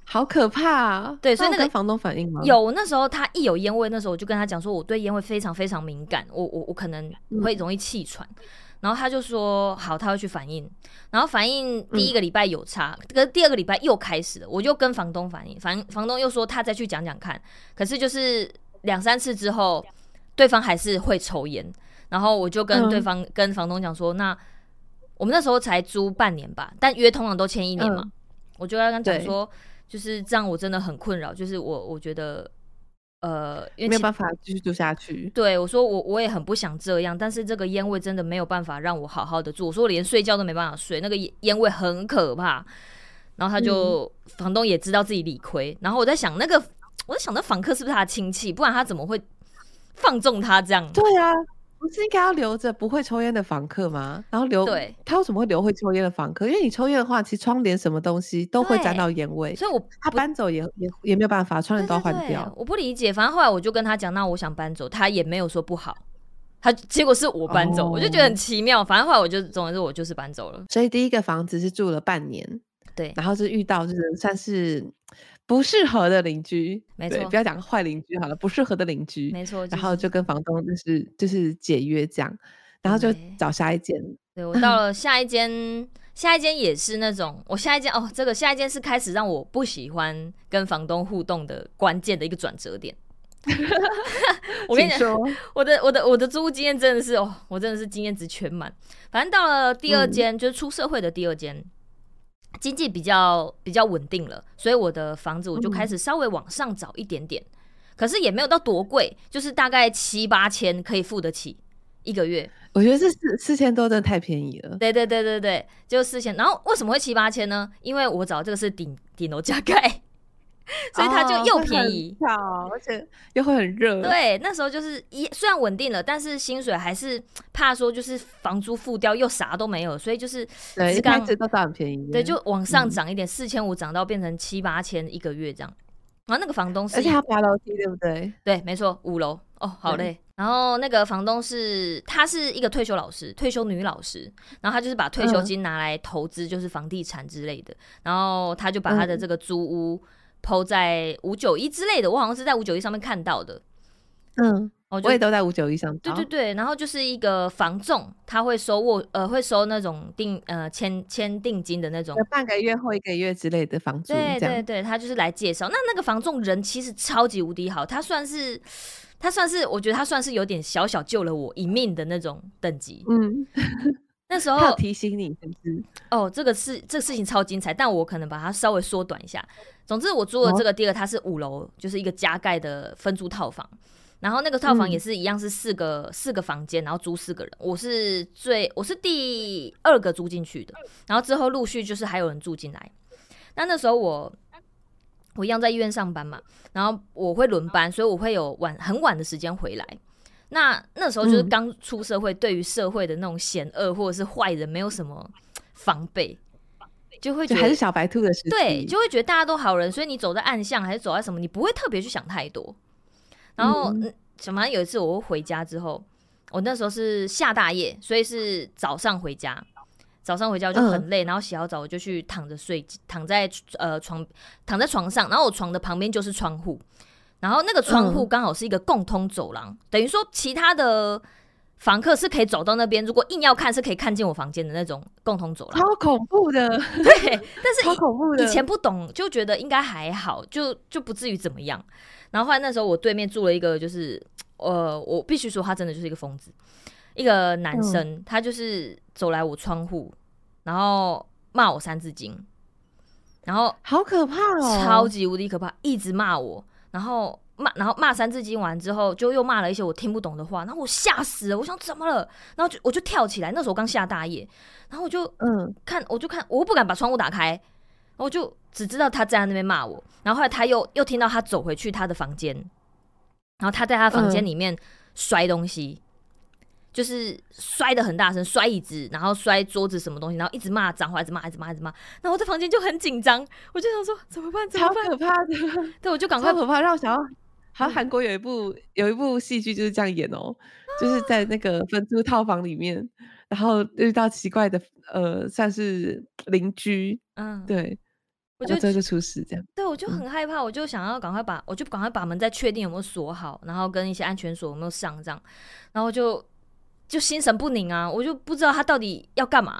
好可怕！啊！對，所以那個房東反映嗎？那個、有，那時候他一有煙味，那時候我就跟他講說，我對煙味非常非常敏感，我我我可能會容易氣喘。嗯、然後他就說好，他會去反映。然後反映第一個禮拜有差，嗯、可是第二個禮拜又開始了，我就跟房東反映，房房東又說他再去講講看。可是就是兩三次之後，對方還是會抽煙。然後我就跟對方、嗯、跟房東講說，那我們那時候才租半年吧，但約通常都簽一年嘛，嗯、我就跟他講說。就是這樣，我真的很困擾。就是我，我覺得，呃，因為沒有辦法繼續住下去。對，我說我我也很不想這樣，但是這個煙味真的沒有辦法讓我好好的住，我說我連睡覺都沒辦法睡，那個煙味很可怕。然後他就、嗯、房東也知道自己理虧，然後我在想那個，我在想那房客是不是他親戚？不然他怎麼會放縱他這樣？對啊。不是應該要留着不會抽菸的房客嗎？然後留對他為什麼會留會抽菸的房客？因為你抽菸的話，其實窗簾什麼東西都會沾到菸味。所以我不，我他搬走也也也沒有辦法，窗簾都要換掉對對對對。我不理解。反正後來我就跟他講，那我想搬走，他也沒有說不好。他結果是我搬走，哦、我就覺得很奇妙。反正後來我就，總之我就是搬走了。所以第一個房子是住了半年，對，然後是遇到就是算是。不適合的鄰居，沒錯錯，不要講壞鄰居好了，不適合的鄰居，沒錯。就是、然後就跟房東就是就是解約這樣，然後就找下一間。對，我到了下一間，嗯、下一間也是那種，我下一間哦，這個下一間是開始讓我不喜歡跟房東互動的關鍵的一個轉折點。 我跟你講說，我的我的我的租屋經驗真的是哦，我真的是經驗值全滿。反正到了第二間，嗯、就是出社會的第二間。經濟比較比較穩定了，所以我的房子我就開始稍微往上找一點點，嗯、可是也沒有到多貴，就是大概七八千可以付得起一個月。我覺得這四四千多真的太便宜了。對對對對對，就四千。然後為什麼會七八千呢？因為我找這個是頂頂樓加蓋。 所以他就又便宜，哦、而且又會很熱、啊。對，那時候就是一雖然穩定了，但是薪水還是怕說就是房租付掉又啥都沒有，所以就是對，剛一開子都是很便宜，對，就往上漲一點，四千五漲到變成七八千一個月這樣。然後那個房東是個，而且他爬樓梯對不對？對，沒錯，五樓哦，好嘞。對然後那個房東是，他是一個退休老師，退休女老師，然後他就是把退休金拿來投資，就是房地產之類的，嗯、然後他就把他的這個租屋。嗯投在五九一之類的，我好像是在五九一上面看到的。嗯，我，就我也都在五九一上。對對對，哦、然後就是一個房仲，他會收我呃，會收那種訂，呃，簽簽訂金的那種，半個月或一個月之類的房租。對，樣對對對，他就是來介紹。那那個房仲人其實超級無敵好，他算是，他算是，我覺得他算是有點小小救了我一命的那種等級。嗯。 那時候提醒你是不是，哦，這個事，這個事情超精彩，但我可能把它稍微縮短一下。總之，我租的這個第二個，哦，它是五樓，就是一個加蓋的分租套房。然後那個套房也是一樣是，是四個四個房間，然後租四個人。我是最，我是第二個租進去的。然後之後陸續就是還有人住進來。那那時候我我一樣在醫院上班嘛，然後我會輪班，所以我會有晚很晚的時間回來。那那時候就是剛出社會，嗯、對於社會的那種險惡或者是壞人沒有什麼防備，就會覺得就還是小白兔的。對，就會覺得大家都好人，所以你走在暗巷還是走在什麼，你不會特別去想太多。然後什麼，反正，嗯、有一次，我回家之後，我那時候是下大夜，所以是早上回家。早上回家我就很累，嗯、然後洗好澡我就去躺着睡，躺在呃床，躺在床上，然後我床的旁邊就是窗戶。然後那個窗戶剛好是一個共通走廊，嗯、等於說其他的房客是可以走到那邊。如果硬要看，是可以看見我房間的那種共通走廊。超恐怖的， 對，但是超恐怖的。以前不懂，就覺得應該還好，就就不至於怎麼樣。然後後來那時候我對面住了一個，就是呃，我必須說他真的就是一個瘋子，一個男生，嗯、他就是走來我窗戶，然後罵我《三字經》，然後好可怕哦，超級無敵可怕，一直罵我。然後罵，然後罵三字經完之後，就又罵了一些我聽不懂的話。然後我嚇死了，我想怎麼了？然後就我就跳起來，那時候剛下大夜，然後我就嗯看，我就看，我不敢把窗戶打開，我就只知道他站在那邊罵我。然後後來他又又聽到他走回去他的房間，然後他在他房間裡面摔東西。嗯就是摔得很大聲，摔椅子，然後摔桌子什麼東西，然後一直罵髒話，一直罵，一直罵，一直罵，然後我在房間就很緊張，我就想說怎麼辦？怎麼辦超可怕的，對，我就趕快超可怕，讓我想要，好像韓國有一部、嗯、有一部戲劇就是這樣演哦，啊、就是在那個分租套房裡面，然後遇到奇怪的呃，算是鄰居，嗯、啊，對，我就這就出事這樣。對，我就很害怕，我就想要趕快把，嗯、我就趕快把門再確定有沒有鎖好，然後跟一些安全鎖有沒有上這樣，然後就。就心神不寧啊，我就不知道他到底要幹嘛。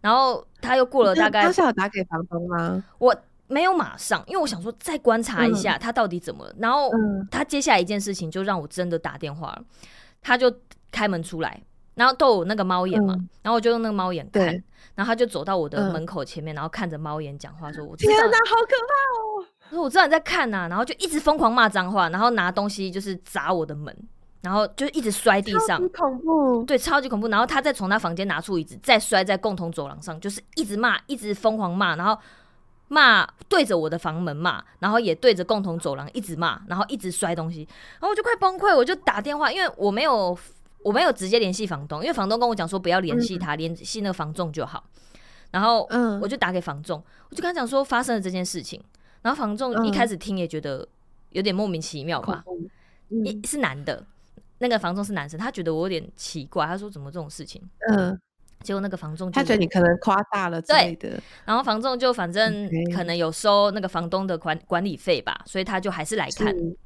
然後他又過了大概，當時有打給房東嗎？我沒有馬上，因為我想說再觀察一下他到底怎麼了。嗯、然後他接下來一件事情就讓我真的打電話了。嗯、他就開門出來，然後逗我那個貓眼嘛，嗯、然後我就用那個貓眼看，對然後他就走到我的門口前面，嗯、然後看着貓眼講話說：“我天哪，好可怕哦！”我說：“我知道你在看吶、啊。”然後就一直瘋狂罵髒話，然後拿東西就是砸我的門。然後就一直摔地上，超級恐怖，對，超級恐怖。然後他再從他房間拿出椅子，再摔在共同走廊上，就是一直罵，一直瘋狂罵，然後罵對着我的房門罵，然後也對着共同走廊一直罵，然後一直摔東西。然後我就快崩潰，我就打電話，因為我沒有我沒有直接聯繫房東，因為房東跟我講說不要聯繫他，嗯、聯繫那個房仲就好。然後，嗯，我就打給房仲，我就跟他講說發生了這件事情。然後房仲一開始聽也覺得有點莫名其妙吧，嗯、一是男的。那個房仲是男生，他覺得我有點奇怪，他說怎麼這種事情？嗯，結果那個房仲，他覺得你可能誇大了之類的。對，然後房仲就反正可能有收那個房東的管管理費吧，Okay. 所以他就還是來看。是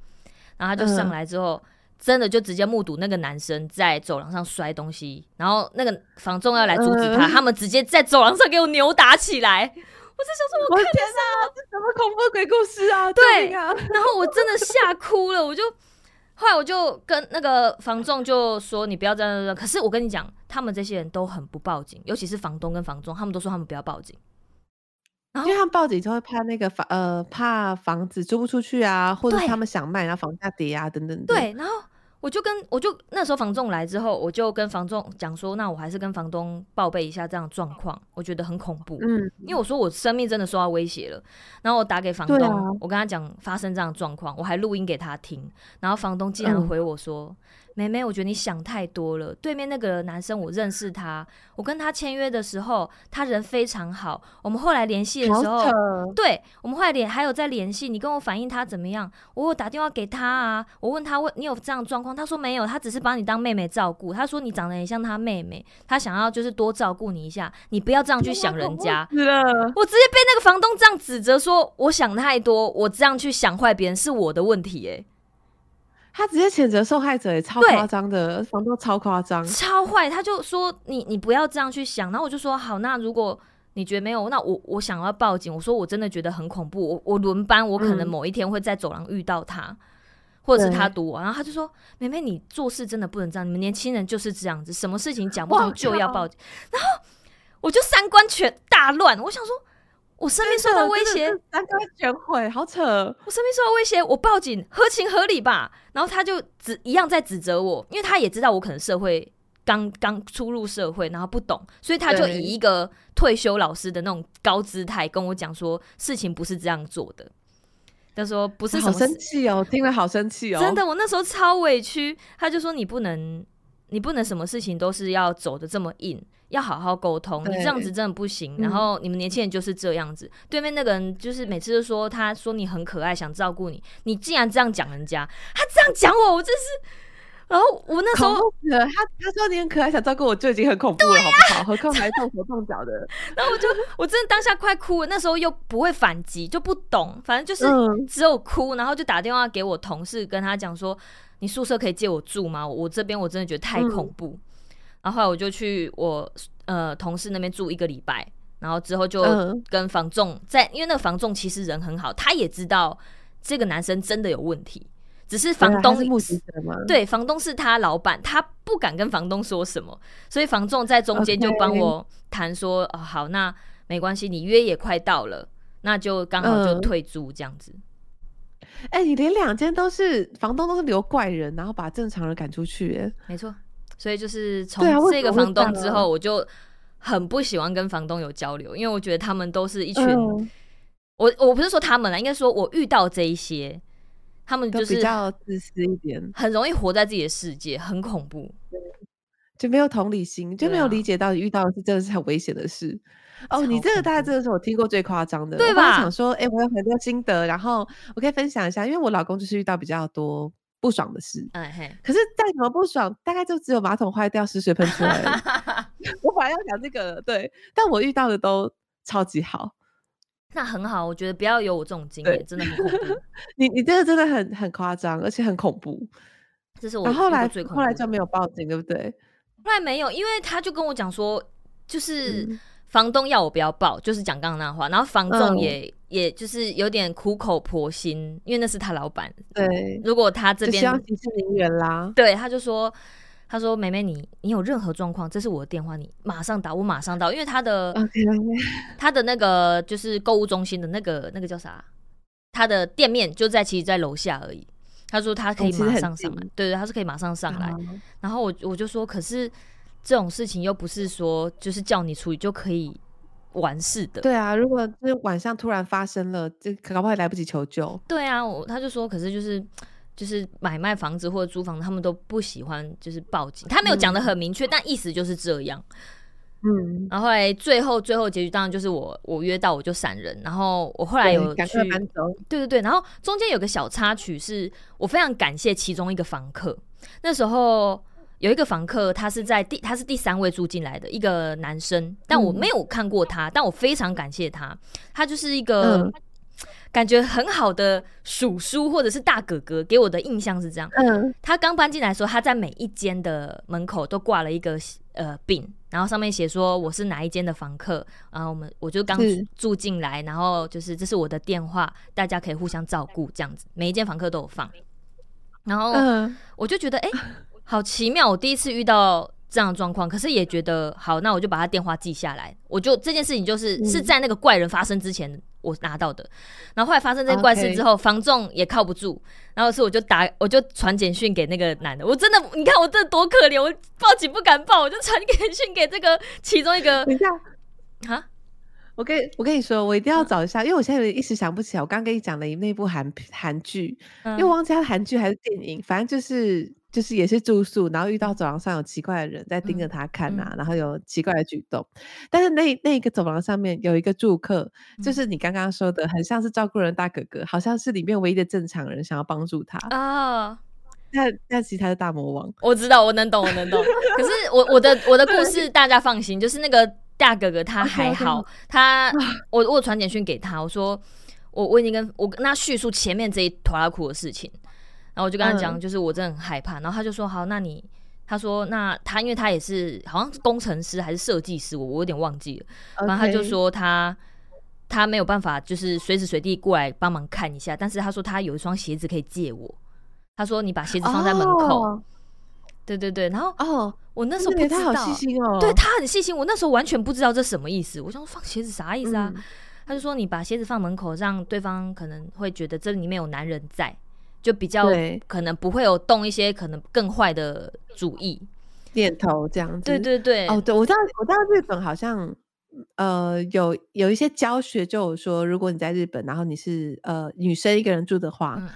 然後他就上來之後，嗯、真的就直接目睹那個男生在走廊上摔東西，然後那個房仲要來阻止他，嗯、他們直接在走廊上給我扭打起來。 我在想說、啊，我天哪這什麼恐怖鬼故事啊？對啊，對，然後我真的嚇哭了， 我就。快！後來我就跟那個房仲就說，你不要這樣這樣，可是我跟你講，他們這些人都很不報警，尤其是房東跟房仲，他們都說他們不要報警，因為他們報警就會怕那個房呃怕房子租不出去啊，或者是他們想賣，然後房價跌啊等等等等。對，然後。我就跟我就那時候房仲來之後，我就跟房仲講說，那我還是跟房東報備一下這樣狀況，我覺得很恐怖，嗯，因為我說我生命真的受到威脅了，然後我打給房東，啊，我跟他講發生這樣的狀況，我還錄音給他聽，然後房東竟然回我說。嗯。妹妹，我覺得你想太多了。對面那個男生，我認識他，我跟他簽約的時候，他人非常好。我們後來聯繫的時候，超慘對，我們後來聯還有在聯繫。你跟我反映他怎麼樣？我有打電話給他啊，我問他問你有這樣的狀況？他說沒有，他只是把你當妹妹照顧。他說你長得很像他妹妹，他想要就是多照顧你一下。你不要這樣去想人家。我直接被那個房東這樣指責說，我想太多，我這樣去想壞別人是我的問題，欸。哎。他直接譴責受害者也、欸、超誇張的，講到對超誇張，超壞。他就說你：“你你不要這樣去想。”然後我就說：“好，那如果你覺得沒有，那我我想要報警。”我說：“我真的覺得很恐怖，我我輪班，我可能某一天會在走廊遇到他，嗯、或者是他堵我。對”然後他就說：“妹妹，你做事真的不能這樣，你們年輕人就是這樣子，什麼事情講不通就要報警。塞”然後我就三觀全大亂，我想說。我生命受到威脅，全毀，好扯！我生命受到威脅，我報警，合情合理吧？然後他就指一樣在指責我，因為他也知道我可能社會剛剛初入社會，然後不懂，所以他就以一個退休老師的那種高姿態跟我講說，事情不是這樣做的。他說不是，好生氣哦，聽了好生氣哦，真的，我那時候超委屈。他就說你不能，你不能什麼事情都是要走得這麼硬。要好好溝通，對你這樣子真的不行。嗯、然後你們年輕人就是這樣子，對面那個人就是每次都說，他說你很可愛，想照顧你。你竟然這樣講人家，他這樣講我，我真是。然後我那時候，他他說你很可愛，想照顧我，就已經很恐怖了，啊、好不好？何況還動手動腳的。然後我就我真的當下快哭了，那時候又不會反擊，就不懂，反正就是只有哭。嗯、然後就打電話給我同事，跟他講說，你宿舍可以借我住嗎？我這邊我真的覺得太恐怖。嗯然、啊、後來我就去我呃同事那邊住一個禮拜，然後之後就跟房仲在，嗯、因為那個房仲其實人很好，他也知道這個男生真的有問題，只是房東是對房東是他老板，他不敢跟房東說什麼，所以房仲在中間就幫我談說，Okay, 哦好，那沒關係，你約也快到了，那就剛好就退租這樣子。哎、嗯欸，你連兩間都是房東都是留怪人，然後把正常人趕出去耶，哎，沒錯。所以就是從這個房東之後，我就很不喜歡跟房東有交流。為什麼會這樣啊、因為我覺得他們都是一群……呃、我我不是說他們啦，應該說我遇到這一些，他們就是比較自私一點，很容易活在自己的世界，很恐怖，就沒有同理心，就沒有理解到你遇到的是真的是很危險的事。哦、啊，oh, 你這個大概真的是我聽過最誇張的，對吧？我想說，哎、欸，我有很多心得，然後我可以分享一下，因為我老公就是遇到比較多不爽的事，哎、欸、嘿！可是再怎麼不爽，大概就只有馬桶壞掉，濕水噴出來了。 我本來要講這個，對，但我遇到的都超級好。那很好，我覺得不要有我這種經驗，對真的很恐怖。 你你這個真的很很誇張，而且很恐怖。這是我後來後來就沒有報警，對不對？後來沒有，因為他就跟我講說，就是。嗯房東要我不要報，就是講剛剛那話，然後房仲也、嗯、也就是有點苦口婆心，因為那是他老闆。對，如果他這邊就是啦。對，他就說，他說妹妹你，你你有任何狀況，這是我的電話，你馬上打，我馬上到，因為他的 okay, okay. 他的那個就是購物中心的那個那個叫啥，他的店面就在其實，在樓下而已。他說他可以馬上上來，對，他是可以馬上上來。Uh huh. 然後我我就說，可是。這種事情又不是說就是叫你處理就可以完事的。對啊，如果那晚上突然發生了，就搞不好也來不及求救。對啊，我他就說，可是就是就是買賣房子或者租房，他們都不喜歡就是報警。他沒有講得很明確，嗯、但意思就是這樣。嗯，然後，後來最後最後結局當然就是我我約到我就閃人，然後我後來有去快搬走。對，對對對，然後中間有個小插曲，是我非常感謝其中一個房客，那時候。有一個房客，他是在第，他是第三位住進來的，一個男生，但我沒有看過他，但我非常感謝他，他就是一個感覺很好的叔叔或者是大哥哥，給我的印象是這樣。他剛搬進來的時候，他在每一間的門口都掛了一個呃餅，然後上面寫說，我是哪一間的房客，然後我們我就剛住進來，然後就是這是我的電話，大家可以互相照顧這樣子，每一間房客都有放，然後我就覺得哎、欸。好奇妙，我第一次遇到這樣的狀況，可是也覺得好，那我就把他電話記下來。我就這件事情就是、嗯、是在那個怪人發生之前我拿到的，然後後來發生這個怪事之後，房仲 Okay. 也靠不住，然後是我就打我就傳簡訊給那個男的，我真的你看我這多可憐，我報警不敢報，我就傳簡訊給這個其中一個。等一下，蛤我跟我跟你說，我一定要找一下，啊、因為我現在一時想不起來，我剛跟你講的那部韓韓劇，嗯、因為忘記他韓劇還是電影，反正就是。就是也是住宿，然後遇到走廊上有奇怪的人在盯着他看吶、啊，嗯、然後有奇怪的舉動，嗯、但是那那個走廊上面有一個住客，嗯、就是你剛剛說的，很像是照顧人大哥哥，好像是裡面唯一的正常人，想要幫助他啊。那那、哦、其他的大魔王，我知道，我能懂，我能懂。 可是我我的我的故事 大家放心，就是那個大哥哥他還好， 他我我傳簡訊給他，我說我我已經跟我跟他敘述前面這一拖拉庫的事情。然後我就跟他講，就是我真的很害怕。Um, 然後他就說：“好，那你……他說那他，因為他也是好像是工程師還是設計師，我我有點忘記了。然後 Okay. 他就說他他沒有辦法，就是隨時隨地過來幫忙看一下。但是他說他有一雙鞋子可以借我。他說，你把鞋子放在門口。Oh. 對對對，然後哦，我那時候不知道，Oh. 對，他，他那邊他好細心哦。對，他很細心。我那時候完全不知道這什麼意思。我想說放鞋子啥意思啊？嗯、他就說，你把鞋子放門口，讓對方可能會覺得這裡面有男人在。”就比較可能不會有動一些可能更壞的主意念頭這樣子。對對對，哦，對，我在我在日本好像呃有有一些教學，就有說如果你在日本，然後你是呃女生一個人住的話，嗯、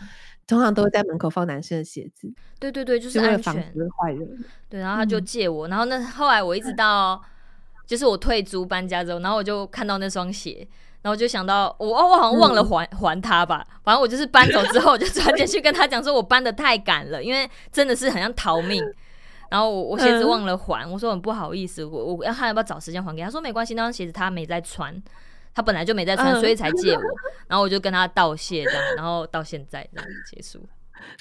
通常都會在門口放男生的鞋子。對對對，就是安全，房子壞人。對，然後他就借我，然後那後來我一直到、嗯、就是我退租搬家之後，然後我就看到那雙鞋，然後就想到我哦，我好像忘了還還他吧。嗯、反正我就是搬走之後，就轉進去跟他講，說我搬得太趕了，因為真的是很像逃命。然後我，我鞋子忘了還，我說很不好意思，我我要看要不要找時間還給他。說沒關係，那雙鞋子他沒在穿，他本來就沒在穿，所以才借我。嗯、然後我就跟他道謝，這樣，然後到現在這樣結束。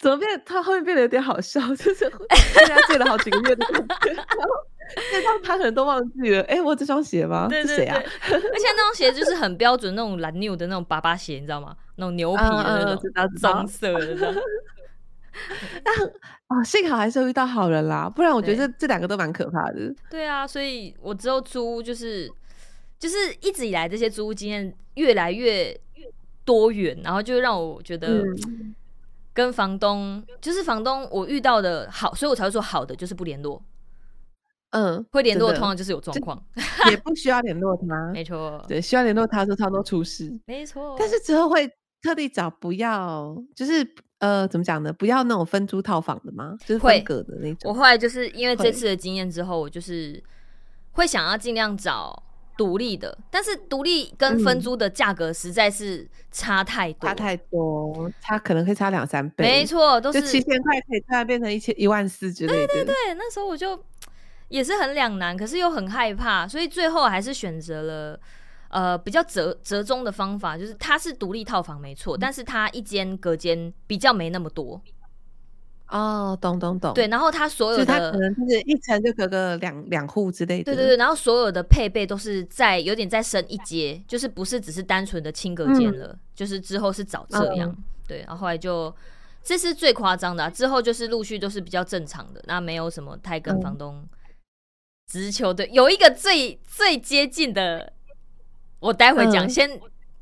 怎麼變得？他後面變得有點好笑，就是跟他借了好幾個月的感覺。 那他可能都忘記了，哎、欸，我這雙鞋嗎？對對對，是誰啊？而且那雙鞋就是很標準 那種藍牛的那種爸爸鞋，你知道嗎？那種牛皮的那種棕，嗯嗯嗯、色的。那、 哦、幸好還是遇到好人啦，不然我覺得這兩個都蠻可怕的對。對啊，所以我之後租就是就是一直以來這些租屋經驗越來越，越多元，然後就讓我覺得跟房東、嗯、就是房東，我遇到的好，所以我才會說好的就是不聯絡。嗯，會聯絡的的通常就是有狀況，就 也不需要聯絡他，沒錯錯。對，需要聯絡他說他都出事，沒錯。但是之後會特地找不要，就是呃，怎麼講呢？不要那種分租套房的嗎？就是分隔的那種會。我後來就是因為這次的經驗之後，我就是會想要盡量找獨立的，但是獨立跟分租的價格實在是差太多，嗯、差太多，差可能會差兩三倍，沒錯，都是七千塊可以突然變成一千一萬四之類的。對對對，那時候我就。也是很兩難，可是又很害怕，所以最後還是選擇了呃比較折折中的方法，就是它是獨立套房沒錯，嗯、但是它一間隔間比較沒那麼多。哦，懂懂懂，懂，對，然後它所有的所可能就是一層就隔個兩兩戶之類的，對對對，然後所有的配備都是在有點在升一階，就是不是只是單純的輕隔間了，嗯、就是之後是找這樣，嗯、對，然後，後來就這是最誇張的，啊，之後就是陸續都是比較正常的，那沒有什麼太跟房東。嗯直球的有一個最最接近的，我待會講，呃、先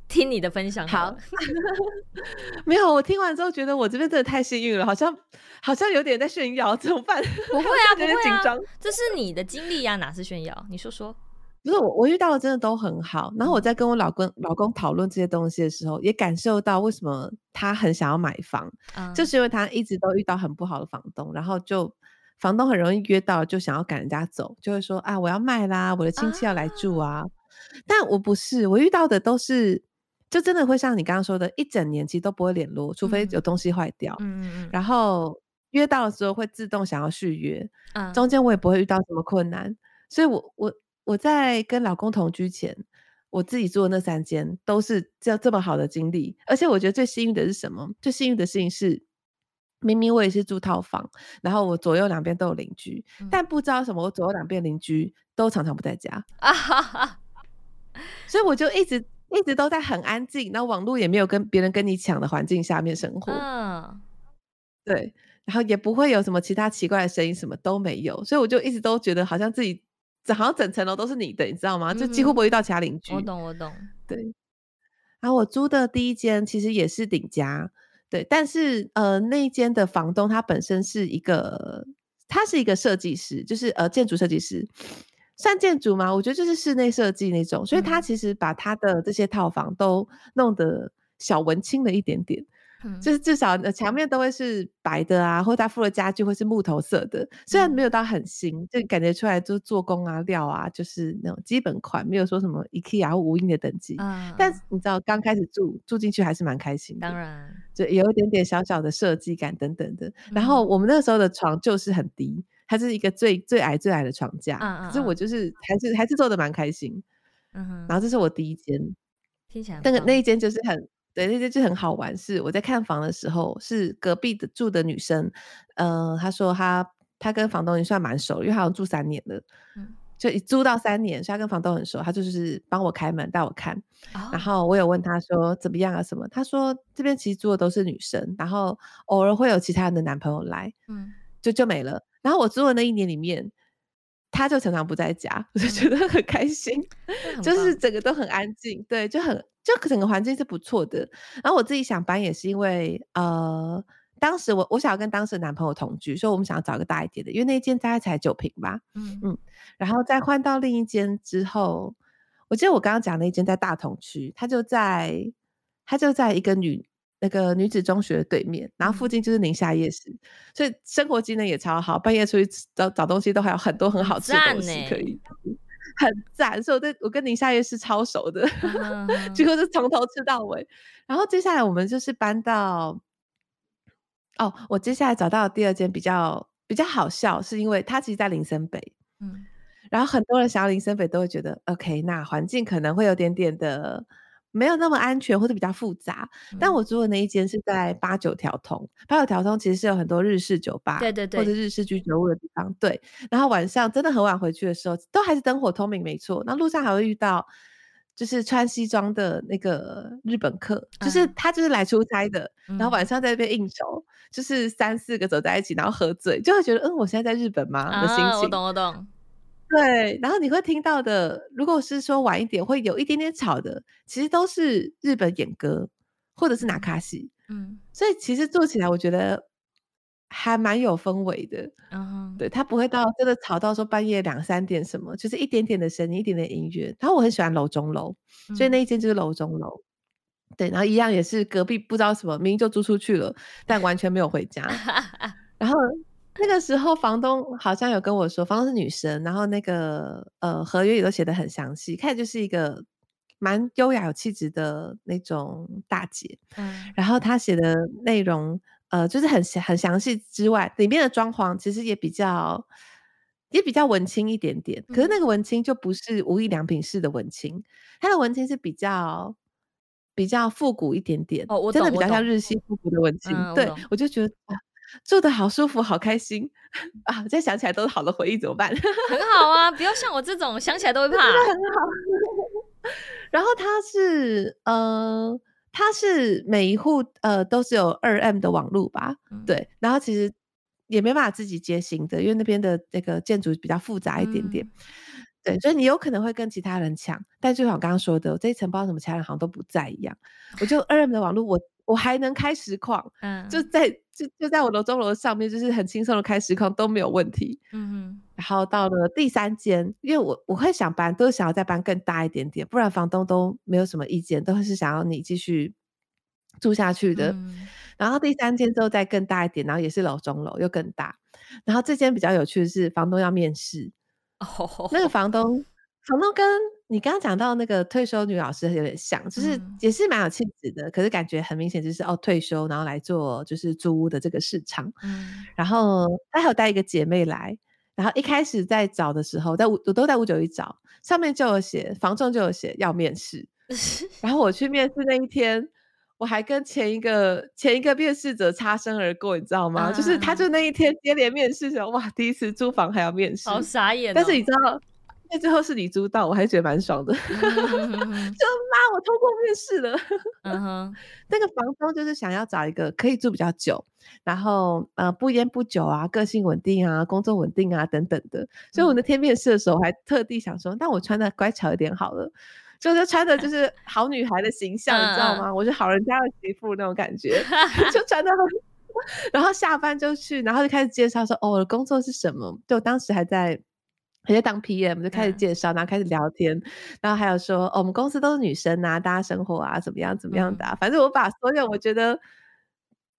聽你的分享。好，好 沒有，我聽完之後覺得我這邊真的太幸運了，好像好像有點在炫耀，怎麼辦？不會啊，還會有點緊張，不會啊，這是你的經歷呀，啊，哪是炫耀？你說說，不是我，我遇到的真的都很好。然後我在跟我老公、嗯、老公討論這些東西的時候，也感受到為什麼他很想要買房，嗯、就是因為他一直都遇到很不好的房東，然後就。房東很容易約到，就想要趕人家走，就會說啊，我要賣啦，我的親戚要來住啊。啊，但我不是，我遇到的都是，就真的會像你剛剛說的，一整年其實都不會聯絡，除非有東西壞掉。嗯嗯嗯、然後約到的時候會自動想要續約，中間我也不會遇到什麼困難。啊、所以我，我我我在跟老公同居前，我自己住的那三間都是這這麼好的經歷，而且我覺得最幸運的是什麼？最幸運的事情是。明明我也是住套房，然後我左右兩邊都有鄰居，嗯、但不知道什麼，我左右兩邊鄰居都常常不在家啊， 所以我就一直一直都在很安靜，然後網絡也沒有跟別人跟你搶的環境下面生活，嗯，對，然後也不會有什麼其他奇怪的聲音，什麼都沒有，所以我就一直都覺得好像自己整好像整層樓都是你的，你知道嗎？就幾乎不會遇到其他鄰居、嗯。我懂，我懂，對。然後我租的第一間其實也是頂家。對，但是呃，那一間的房東他本身是一個，他是一個設計師，就是呃建築設計師，算建築嗎？我覺得就是室內設計那種，所以他其實把他的這些套房都弄得小文青了一點點。就是至少呃、牆面都會是白的啊，或者他附的家具會是木頭色的，雖然沒有到很新，嗯、就感覺出來就是做工啊、料啊，就是那種基本款，沒有說什麼 IKEA 啊或無印的等級。啊、嗯，但是你知道剛開始住住進去還是蠻開心的，當然就有一點點小小的設計感等等的。然後我們那個時候的床就是很低，還是一個最最矮最矮的床架，嗯、可是我就是還是、嗯、還是做的蠻開心。嗯，然後這是我第一間，聽起來那個那一間就是很。對，那件事就很好玩。是我在看房的時候，是隔壁的住的女生。嗯、呃，她說她她跟房東已經算蠻熟，因為她好像住三年了，嗯、就一租到三年，所以她跟房東很熟。她就是幫我開門帶我看。哦、然後我有問她說怎麼樣啊什麼？她說這邊其實住的都是女生，然後偶爾會有其他人的男朋友來，嗯，就就沒了。然後我租的那一年裡面，她就常常不在家，我、嗯、就覺得很開心，嗯、就是整個都很安靜，對，就很。就整個環境是不錯的，然後我自己想搬也是因為，呃，當時我我想要跟當時的男朋友同居，所以我們想要找一個大一點的，因為那間大概才九坪吧。嗯，然後再換到另一間之後，嗯、我記得我剛剛講的那間在大同區，他就在他就在一個女那個女子中學的對面，然後附近就是寧夏夜市，所以生活機能也超好，半夜出去找找東西都還有很多很好吃的東西可以。很讚，所以我在我跟寧夏夜是超熟的，uh huh. 結果就從頭吃到尾。然後接下來我們就是搬到，哦、oh,，我接下來找到的第二間比較比較好笑，是因為他其實在林森北，嗯、uh，huh. 然後很多人想要林森北都會覺得，OK，那環境可能會有點點的。沒有那麼安全或者比較複雜，嗯、但我住的那一間是在八九條通，對八九條通其實是有很多日式酒吧，對對對，或者日式居酒屋的地方，對。然後晚上真的很晚回去的時候，都還是燈火通明，沒錯。那路上還會遇到，就是穿西裝的那個日本客，啊、就是他就是來出差的，嗯、然後晚上在那邊應酬，就是三四個走在一起，然後喝醉，就會覺得嗯，我現在在日本嗎？啊、的心情，懂我懂。我懂對，然後你會聽到的，如果是說晚一點，會有一點點吵的，其實都是日本演歌或者是拿卡西，嗯，所以其實做起來我覺得還蠻有氛圍的，嗯，對，他不會到真的吵到說半夜兩三點什麼，就是一點點的聲音，一點點音樂。然後我很喜歡樓中樓，所以那一間就是樓中樓，嗯，對，然後一樣也是隔壁不知道什麼，明明就租出去了，但完全沒有回家， 然後。那個時候，房東好像有跟我說，房東是女生，然後那個呃，合約也都寫得很詳細，看就是一個蠻優雅有氣質的那種大姐。嗯，然後她寫的內容，呃，就是很很詳細之外，裡面的裝潢其實也比較，也比較文青一點點。可是那個文青就不是無印良品式的文青，她的文青是比較比較復古一點點哦，我真的比較像日系復古的文青。嗯，對，我就覺得。住的好舒服，好開心啊！再想起來都是好的回憶，怎麼辦？很好啊， 不要像我這種 想起來都會怕。真的很好。 然後它是嗯、呃，它是每一戶呃都是有二 M 的網路吧？嗯、對。然後其實也沒辦法自己接新的，因為那邊的那個建築比較複雜一點點。嗯、對，所以你有可能會跟其他人搶，但就像我剛剛說的，我這一層包什麼，其他人好像都不在一樣。我就二 M 的網絡我。 我還能開實況，嗯，就在就就在我的樓中樓上面，就是很輕鬆的開實況都沒有問題，嗯哼。然後到了第三間，因為我我會想搬，都想要再搬更大一點點，不然房東都沒有什麼意見，都是想要你繼續住下去的。嗯、然後第三間之後再更大一點，然後也是樓中樓又更大。然後這間比較有趣的是，房東要面試哦,哦,哦，那個房東房東跟。你剛剛講到那個退休女老師有點像，就是也是蠻有氣質的，嗯、可是感覺很明顯就是哦退休，然後來做就是租屋的這個市場。嗯、然後她還有帶一個姐妹來，然後一開始在找的時候，在五我都在五九一找，上面就有寫，房仲就有寫要面試。 然後我去面試那一天，我還跟前一個前一個面試者擦身而過，你知道嗎？啊、就是他就那一天接連面試，哇，第一次租房還要面試，好傻眼、喔。但是你知道？那最後是你租到，我還覺得蠻爽的。Uh huh. 就媽，我通過面試了。嗯、 uh huh. 那個房東就是想要找一個可以住比較久，然後呃不菸不酒啊，個性穩定啊，工作穩定啊等等的。所以我那天面試的時候、嗯、我還特地想說，那我穿的乖巧一點好了，就是穿的就是好女孩的形象，uh huh. 你知道嗎？我是好人家的媳婦那種感覺， 就穿的得。 然後下班就去，然後就開始介紹說，哦，我的工作是什麼？就當時還在。他在當 PM 就開始介紹，然後開始聊天，Yeah. 然後還有說、哦、我們公司都是女生啊，大家生活啊怎麼樣怎麼樣的、啊，嗯、反正我把所有我覺得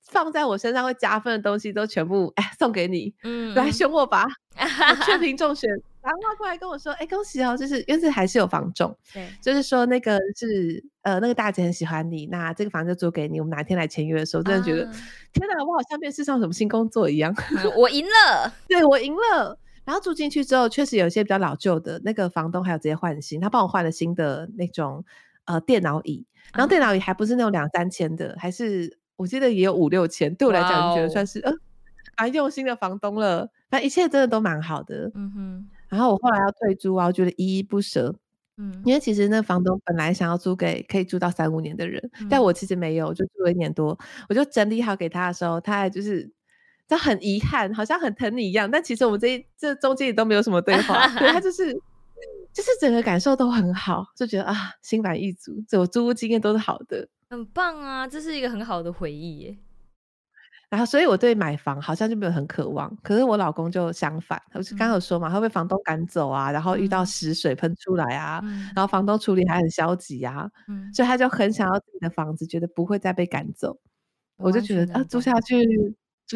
放在我身上會加分的東西都全部、欸、送給你，嗯，來選我吧，全憑 重選。 然後過來跟我說，欸、恭喜哦、喔，就是就是還是有房仲，對就是說那個、就是呃那個大姐很喜歡你，那這個房子，就租給你，我們哪天來簽約的時候，真的覺得、啊、天哪、啊，我好像面試上什麼新工作一樣， 我贏了，對我贏了。然後住進去之後，確實有一些比較老舊的，那個房東還有直接換新，他幫我換了新的那種呃電腦椅，然後電腦椅還不是那種兩三千的，啊、還是我記得也有五六千，對我來講就覺得算是 Wow. 呃蠻用心的房東了。那一切真的都蠻好的，嗯哼。然後我後來要退租啊，我覺得依依不捨，嗯，因為其實那房東本來想要租給可以租到三五年的人，嗯、但我其實沒有，我就租了一年多，我就整理好給他的時候，他還就是。就很遺憾，好像很疼你一樣，但其實我們這一這中間也都沒有什麼對話， 他就是就是整個感受都很好，就覺得啊，心滿意足，這我租屋經驗都是好的，很棒啊，這是一個很好的回憶耶。然後，所以我對買房好像就沒有很渴望，可是我老公就相反，不、嗯、是剛有說嘛，他會被房東趕走啊，然後遇到死水噴出來啊，嗯、然後房東處理還很消極啊，嗯，所以他就很想要自己的房子，覺得不會再被趕走。嗯、我就覺得、嗯、啊，租下去。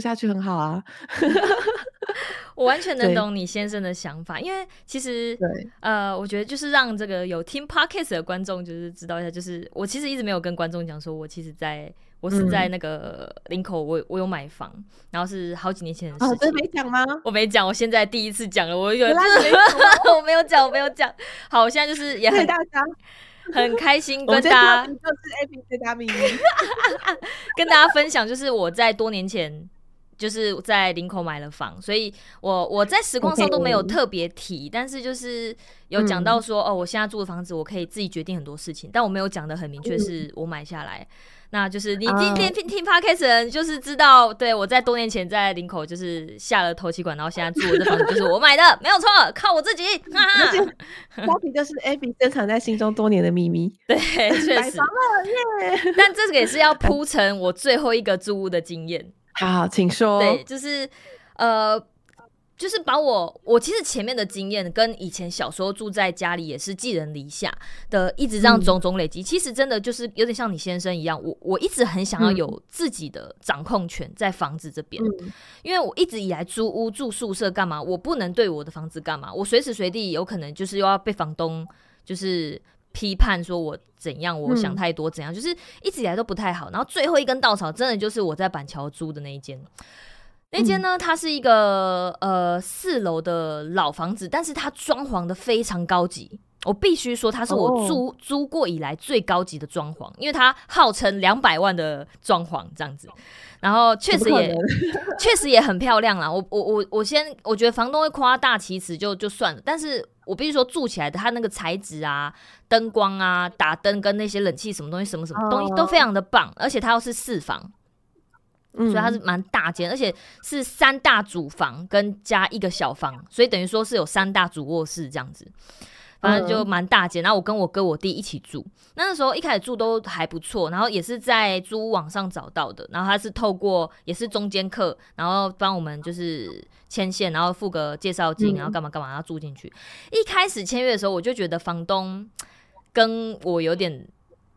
下去很好啊， 我完全能懂你先生的想法，對因為其實，對呃，我覺得就是讓這個有聽 Podcast 的觀眾就是知道一下，就是我其實一直沒有跟觀眾講，說我其實在我是在那個林口，嗯、我我有買房，然後是好幾年前的事情，我、哦、沒講嗎？我沒講，我現在第一次講了，我有， 我沒有講，我沒有講，好，我現在就是也很大家 很開心跟大家大家， 跟大家分享就是我在多年前。就是在林口買了房，所以我我在實況上都沒有特別提，Okay. 但是就是有講到說、嗯、哦，我現在住的房子，我可以自己決定很多事情，但我沒有講的很明確、嗯、是我買下來。那就是你今天聽、嗯、聽 podcast 人就是知道，對我在多年前在林口就是下了頭期款，然後現在住的房子就是我買的， 沒有錯，靠我自己。哈、啊、哈，標題就是 Abby 深藏在心中多年的秘密。 對，確實買房了耶！Yeah、 但這個也是要鋪成我最後一個租屋的經驗。好、啊，請說。對，就是，呃，就是把我我其實前面的經驗跟以前小時候住在家裡也是寄人籬下的，一直這樣種種累積，嗯、其實真的就是有點像你先生一樣，我我一直很想要有自己的掌控權在房子這邊，嗯、因為我一直以來租屋、住宿舍幹嘛，我不能對我的房子幹嘛，我隨時隨地有可能就是又要被房東就是。批判說我怎樣，我想太多怎樣，嗯、就是一直以來都不太好。然後最後一根稻草，真的就是我在板橋租的那一間，那間呢，嗯、它是一個呃四樓的老房子，但是它裝潢的非常高級。我必須說，它是我租、oh. 租過以來最高級的裝潢，因為它號稱兩百萬的裝潢這樣子，然後確實也確 實也很漂亮啦。我我我我先，我覺得房東會誇大其詞就就算了，但是我必須說住起來的它那個材質啊、燈光啊、打燈跟那些冷氣什麼東西什麼什麼、oh. 東西都非常的棒，而且它又是四房，嗯、所以它是蠻大間，而且是三大主房跟加一個小房，所以等於說是有三大主臥室這樣子。反正就蠻大間，然後我跟我哥我弟一起住。那時候一開始住都還不錯，然後也是在租屋網上找到的，然後他是透過也是中間客，然後幫我們就是牽線，然後付個介紹金，然後幹嘛幹嘛要住進去。嗯。一開始簽約的時候，我就覺得房東跟我有點。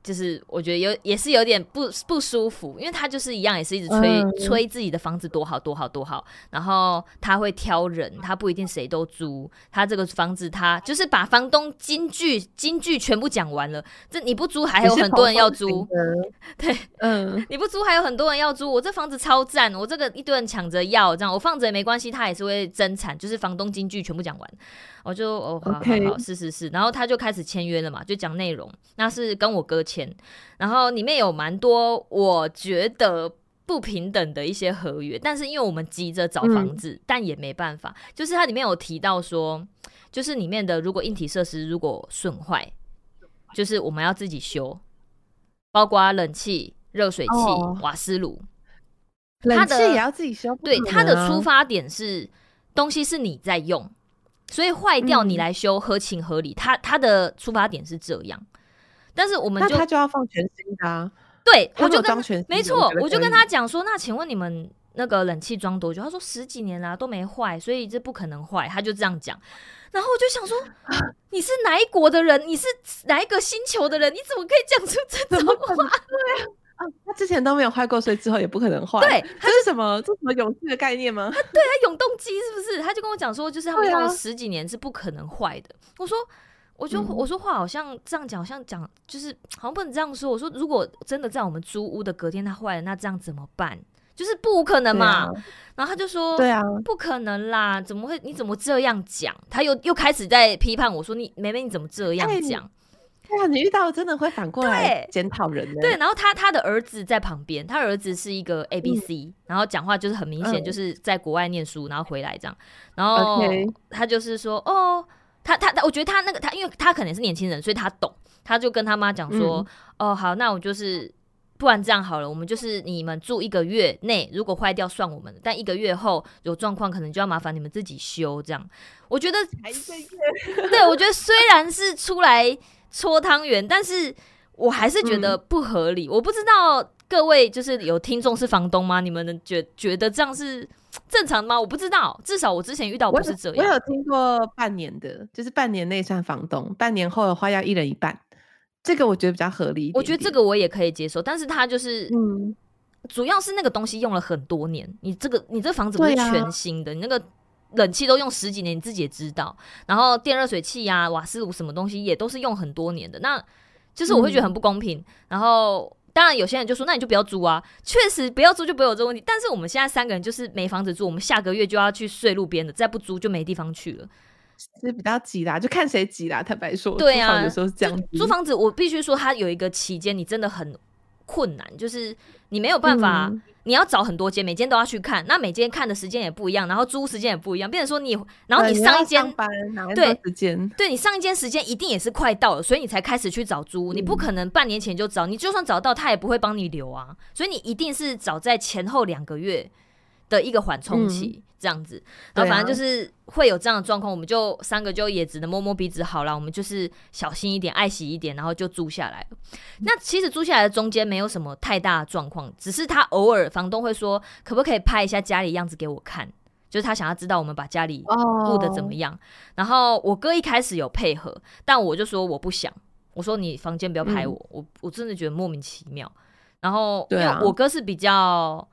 就是我覺得有也是有點不不舒服，因為他就是一樣，也是一直吹吹、嗯、自己的房子多好多好多好，然後他會挑人，他不一定誰都租，他這個房子他就是把房東金句金句全部講完了，這你不租還有很多人要租，對，嗯，你不租還有很多人要租，我這房子超讚，我這個一堆人搶着要，這樣我放着也沒關係，他也是會增產，就是房東金句全部講完，我就哦，好好，好，好 Okay. 是是是，然後他就開始簽約了嘛，就講內容，那是跟我哥。錢，然後裡面有蠻多我覺得不平等的一些合約，但是因為我們急着找房子，嗯、但也沒辦法。就是它裡面有提到說，就是裡面的如果硬體設施如果損壞，就是我們要自己修，包括冷氣、熱水器、哦、瓦斯爐，它的冷氣也要自己修，啊。對，它的出發點是東西是你在用，所以壞掉你來修，嗯、合情合理。它它的出發點是這樣。但是我們就他就要放全新的、啊、對的，對，他就裝全新，沒錯，我就跟他講說，那請問你們那個冷氣裝多久？他說十幾年啦、啊，都沒壞，所以這不可能壞，他就這樣講。然後我就想說， 你是哪一國的人？你是哪一個星球的人？你怎麼可以講出這種話？對啊，啊，他之前都沒有壞過，所以之後也不可能壞。對，這是什麼？這是什麼永續的概念嗎？他對他永動機是不是？他就跟我講說，就是他們用了十幾年是不可能壞的。啊、我說。我就我說話好像這樣講，嗯、好像講就是好像不能這樣說。我說如果真的在我們租屋的隔天他壞了，那這樣怎麼辦？就是不可能嘛。啊、然後他就說：“對啊，不可能啦，怎麼會？你怎麼這樣講？”他又又開始在批判我說：“你妹妹，你怎麼這樣講、欸？”對啊，你遇到真的會反過來檢討人對。對，然後他他的兒子在旁邊，他兒子是一個 A B C，、嗯、然後講話就是很明顯，嗯、就是在國外念書然後回來這樣。然後他就是說：“ Okay. 哦。”他他，他，我覺得他那個他，因為他可能也是年輕人，所以他懂。他就跟他媽講說：“嗯、哦，好，那我就是，不然這樣好了，我們就是你們住一個月內如果壞掉算我們的，但一個月後有狀況可能就要麻煩你們自己修。”這樣，我覺得，才對 對我覺得雖然是出來搓湯圓，但是我還是覺得不合理。嗯、我不知道各位就是有聽眾是房東嗎？你們能覺覺得這樣是？正常嗎？我不知道，至少我之前遇到不是這樣。我有，我有聽過半年的，就是半年內算房東，半年後的話要一人一半。這個我覺得比較合理一點點。我覺得這個我也可以接受，但是他就是，嗯，主要是那個東西用了很多年，你這個你這個房子不是全新的，啊、你那個冷氣都用十幾年，你自己也知道。然後電熱水器呀、啊、瓦斯爐什麼東西也都是用很多年的，那就是我會覺得很不公平。嗯、然後。當然，有些人就說：“那你就不要租啊！”確實，不要租就不會有這個問題。但是我們現在三個人就是沒房子住，我們下個月就要去睡路邊了，再不租就沒地方去了，是比較急啦，就看誰急啦。坦白說，租，對啊，房子的時候是這樣。租房子，我必須說，它有一個期間，你真的很困難，就是。你沒有辦法，嗯、你要找很多間，每間都要去看。那每間看的時間也不一樣，然後租時間也不一樣。變成說你，然後你上一間，嗯、對、對，你上一間時間一定也是快到了，所以你才開始去找租。你不可能半年前就找，你就算找到，他也不會幫你留啊。所以你一定是找在前後兩個月的一個緩衝期。嗯這樣子，然後反正就是會有這樣的狀況，啊、我們就三個就也只能摸摸鼻子好了。我們就是小心一點，愛惜一點，然後就租下來、嗯、那其實租下來的中間沒有什麼太大的狀況，只是他偶爾房東會說，可不可以拍一下家裡樣子給我看，就是他想要知道我們把家裡顧得怎麼樣。Oh. 然後我哥一開始有配合，但我就說我不想，我說你房間不要拍我，嗯、我我真的覺得莫名其妙。然後、啊、因為我哥是比較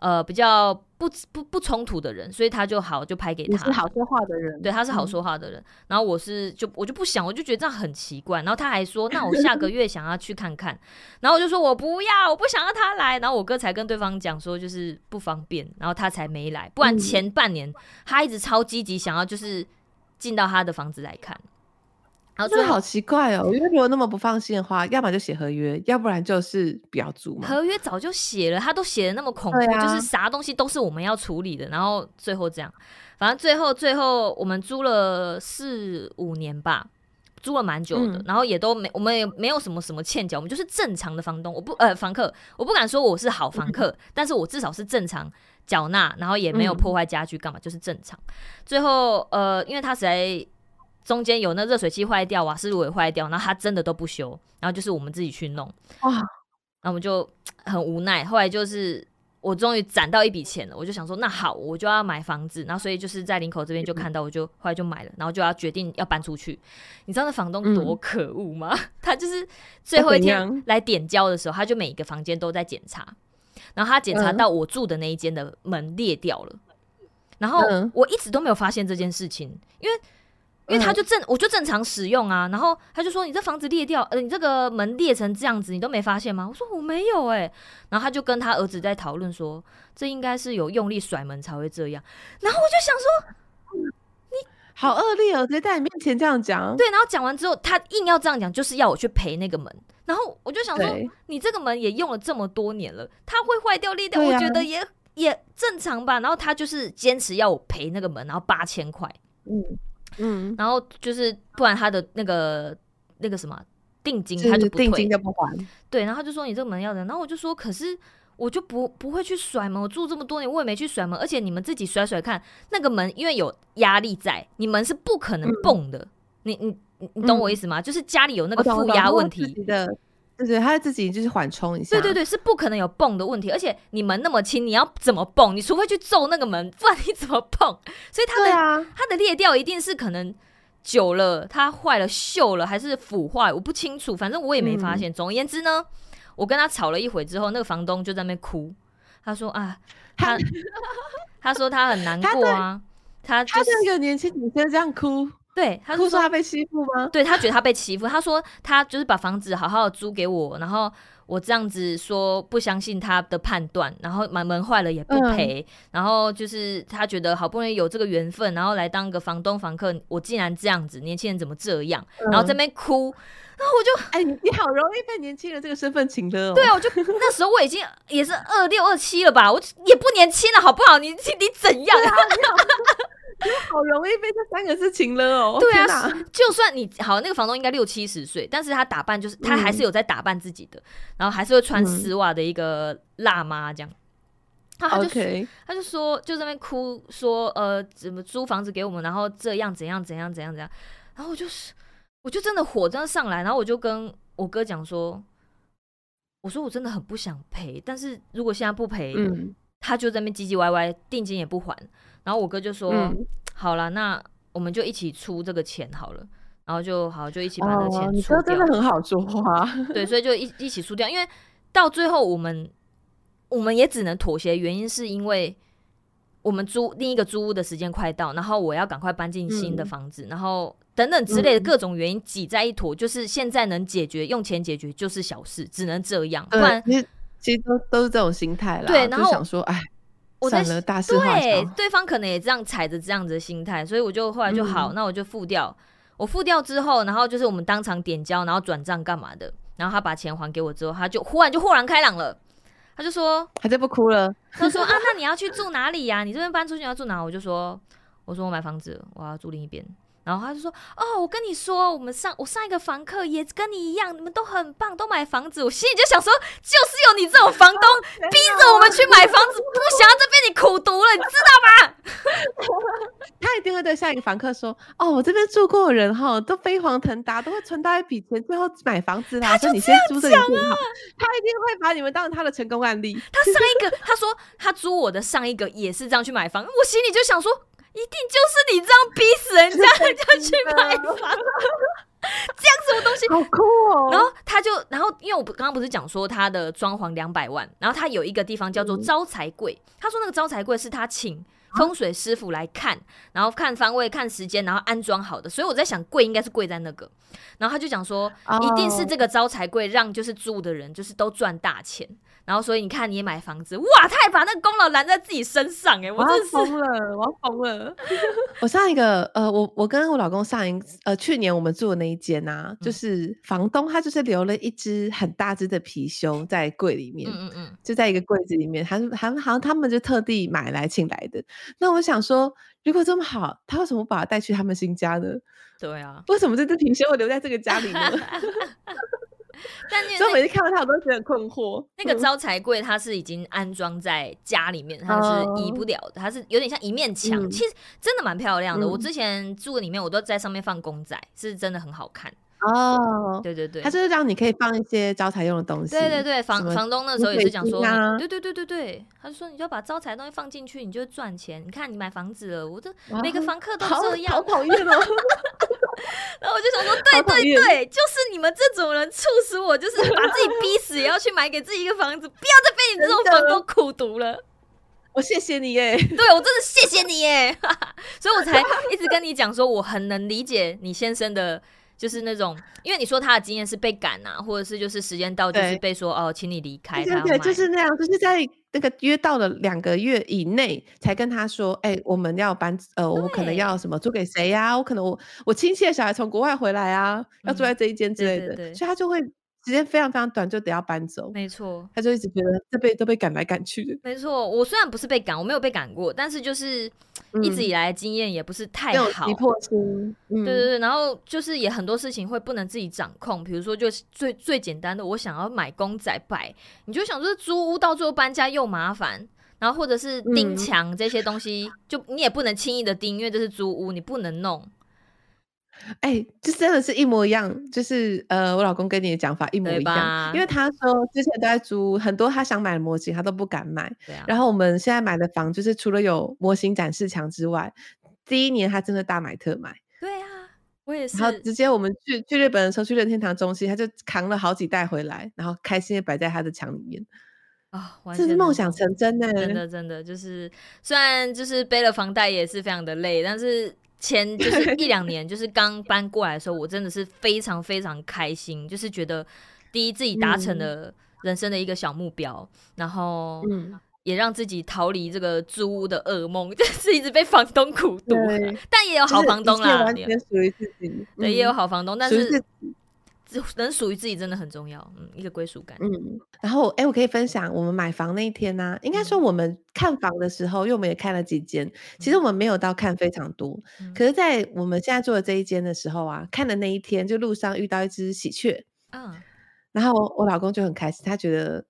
呃比較。不不不衝突的人，所以他就好就拍給他。他是好說話的人，對，他是好說話的人。嗯、然後我是就我就不想，我就覺得這樣很奇怪。然後他還說，那我下個月想要去看看。 然後我就說我不要，我不想要他來。然後我哥才跟對方講說就是不方便，然後他才沒來。不然前半年、嗯、他一直超積極想要就是進到他的房子來看。好，這好奇怪哦，對因為如果那麼不放心的話，要麼就寫合約，要不然就是不要租嘛。合約早就寫了，他都寫的那麼恐怖，啊、就是啥東西都是我們要處理的。然後最後這樣，反正最後最後我們租了四五年吧，租了蠻久的，嗯、然後也都沒，我們也沒有什麼什麼欠繳，我們就是正常的房東。我不呃，房客，我不敢說我是好房客，嗯、但是我至少是正常繳納，然後也沒有破壞家具幹嘛，嗯、就是正常。最後呃，因為他實在。中間有那熱水器壞掉啊，瓦斯爐也壞掉，然後他真的都不修，然後就是我們自己去弄，哇，然後我們就很無奈。後來就是我終於攢到一筆錢了，我就想說，那好，我就要買房子。然後所以就是在林口這邊就看到，我就、嗯、後來就買了，然後就要決定要搬出去。你知道那房東多可惡嗎？嗯、他就是最後一天來點交的時候，他就每一個房間都在檢查，然後他檢查到我住的那一間的門裂掉了，嗯、然後我一直都沒有發現這件事情，因為。因為他就正我就正常使用啊，然後他就說，你這房子裂掉，呃，你這個門裂成這樣子，你都沒發現嗎？我說我沒有哎、欸。然後他就跟他兒子在討論說，這應該是有用力甩門才會這樣，然後我就想說，你好惡劣哦、喔，直接在，在你面前這樣講，對，然後講完之後他硬要這樣講，就是要我去賠那個門，然後我就想說對你這個門也用了這麼多年了，它會壞掉裂掉，啊、我覺得也也正常吧，然後他就是堅持要我賠那個門，然後八千塊，嗯。嗯， 然後就是不然他的那個那個什麼定金，他就不退，對，然後他就說你這個門要的，然後我就說可是我就不不會去甩門，我住這麼多年我也沒去甩門，而且你們自己甩甩看，那個門因為有壓力在，你們是不可能蹦的，你你你你懂我意思嗎？ 就是家裡有那個負壓問題的。對，對對，他自己就是緩衝一下。對對對，是不可能有蹦的問題，而且你門那麼輕，你要怎麼蹦？你除非去揍那個門，不然你怎麼蹦？所以它的它、啊、的裂掉一定是可能久了它壞了、鏽了還是腐壞，我不清楚，反正我也沒發現。嗯、總而言之呢，我跟他吵了一會之後，那個房東就在那邊哭，他說啊，他 他說他很難過啊，他對他一、就是、個年輕女生這樣哭。對，他哭說，說他被欺負嗎？對，他覺得他被欺負，他說他就是把房子好好的租給我，然後我這樣子說不相信他的判斷，然後買門壞了也不賠，嗯、然後就是他覺得好不容易有這個緣分，然後來當個房東房客，我竟然這樣子，年輕人怎麼這樣？嗯、然後在那邊哭，然後我就哎、欸，你好容易被年輕人這個身份請了、哦，對啊，我就那時候我已經也是二六二七了吧，我也不年輕了，好不好？你你怎樣？ 好容易被這三個事情了哦！對啊，哪就算你好，那個房東應該六七十歲，但是他打扮就是，嗯、他還是有在打扮自己的，然後還是會穿絲襪的一個辣媽這樣。嗯、他、就是、Okay. 他就說就在那邊哭說呃怎麼租房子給我們，然後這樣怎樣怎樣怎樣怎樣，然後我就是我就真的火真的上來，然後我就跟我哥講說，我說我真的很不想賠，但是如果現在不賠，嗯、他就在那邊唧唧歪歪，定金也不還。然後我哥就說：“嗯、好了，那我們就一起出這個錢好了。”然後就好，就一起把這個錢出掉。哦、你哥真的很好說話、啊， 對，所以就一一起出掉。因為到最後，我們我們也只能妥協，原因是因為我們租另一個租屋的時間快到，然後我要趕快搬進新的房子，嗯、然後等等之類的各種原因擠在一坨，嗯、就是現在能解決用錢解決就是小事，只能這樣。不然其實其實都都是這種心態啦。對，然後就想說，哎。我算了，大事化小。對，對方可能也這樣踩着這樣子的心態，所以我就後來就好，嗯、那我就付掉。我付掉之後，然後就是我們當場點交，然後轉賬幹嘛的。然後他把錢還給我之後，他就忽然就豁然開朗了。他就說：“還在不哭了？”他說：“ 啊，那你要去住哪裡呀、啊？你這邊搬出去你要住哪？”我就說：“我說我買房子，我要住另一邊。”然後他就說：“哦，我跟你說，我們上我上一個房客也跟你一樣，你們都很棒，都買房子。我心裡就想說，就是有你這種房東。啊” 去買房子，不想要這邊你苦讀了，你知道嗎？ 他一定會對下一個房客說：“哦，我這邊住過的人哈，都飛黃騰達，都會存到一筆錢，最後買房子。”他說：“你先租的很好。”他一定會把你們當成他的成功案例。他上一個他說他租我的上一個也是這樣去買房，我心裡就想說。一定就是你這樣逼死人家，人家去買房，這樣什麼東西？ 好酷哦！然後他就，然後因為我剛剛不是講說他的裝潢兩百萬，然後他有一個地方叫做招財櫃，嗯、他說那個招財櫃是他請風水師傅來看，啊、然後看方位、看時間，然後安裝好的。所以我在想，貴應該是貴在那個。然後他就講說，一定是這個招財櫃讓就是住的人就是都賺大錢。然後，所以你看，你也買房子，哇！他還把那個功勞攬在自己身上，欸，哎，我真是瘋了，我瘋了。 我上一個呃，我我跟我老公上一呃，去年我們住的那一間吶，啊，嗯、就是房東他就是留了一隻很大隻的貔貅在櫃裡面，嗯，嗯嗯，就在一個櫃子裡面，還還好像他們就特地買來請來的。那我想說，如果這麼好，他為什麼不把它帶去他們新家呢？對啊，為什麼這隻貔貅會留在這個家裡呢？ 但每次看到它，我都覺得很困惑。那個招財櫃它是已經安裝在家裡面，它是移不了的，它是有點像一面牆。其實真的蠻漂亮的。我之前住的裡面，我都在上面放公仔，是真的很好看哦。對對對，它就是讓你可以放一些招財用的東西。對對對，房房東那時候也是講說，對對對對對，他就說你要把招財的東西放進去，你就賺錢。你看你買房子了，我這每個房客都這樣，好討厭哦。 然後我就想說，對對對，就是你們這種人促使我，就是把自己逼死也要去買給自己一個房子， 不要再被你這種房東苦毒了。我謝謝你耶， 對，我真的謝謝你耶， 所以我才一直跟你講說，我很能理解你先生的。就是那種，因為你說他的經驗是被趕吶、啊，或者是就是時間到就是被說對哦，請你離開。對，對對，就是那樣，就是在那個約到了兩個月以內才跟他說，哎、欸，我們要搬，呃，我可能要什麼租對給誰呀、啊？我可能我我親戚的小孩從國外回來啊，嗯、要住在這一間之類的，對對對，所以他就會時間非常非常短，就得要搬走。沒錯，他就一直覺得這輩子都被趕來趕去。沒錯，我雖然不是被趕，我沒有被趕過，但是就是。一直以來的經驗也不是太好，嗯、對對對，然後就是也很多事情會不能自己掌控，比如說就是最最簡單的，我想要買公仔擺，你就想說租屋到最後搬家又麻煩，然後或者是釘牆這些東西，嗯、就你也不能輕易的釘，因為這是租屋，你不能弄。哎，這、欸、真的是一模一樣，就是呃，我老公跟你的講法一模一樣，吧因為他說之前都在租，很多他想買的模型他都不敢買。啊、然後我們現在買的房，就是除了有模型展示牆之外，第一年他真的大買特買。對啊，我也是。然後直接我們去去日本的時候，去任天堂中心，他就扛了好幾袋回來，然後開心的擺在他的牆裡面。啊、哦，完全這是夢想成真呢、欸！真的真的，就是雖然就是背了房貸也是非常的累，但是。前就是一兩年，就是剛搬過來的時候， 我真的是非常非常開心，就是覺得第一自己達成了人生的一個小目標，嗯、然後也讓自己逃離這個租屋的噩夢，嗯、就是一直被房東苦毒，對但也有好房東啦，完全屬於自己，對、嗯，也有好房東，但是。能屬於自己真的很重要，嗯，一個歸屬感。嗯，然後哎、欸，我可以分享我們買房那一天呢、啊，嗯、應該說我們看房的時候，因為我們也看了幾間，嗯、其實我們沒有到看非常多。嗯、可是，在我們現在住的這一間的時候啊，看的那一天，就路上遇到一隻喜鵲，嗯，然後我，我老公就很開心，他覺得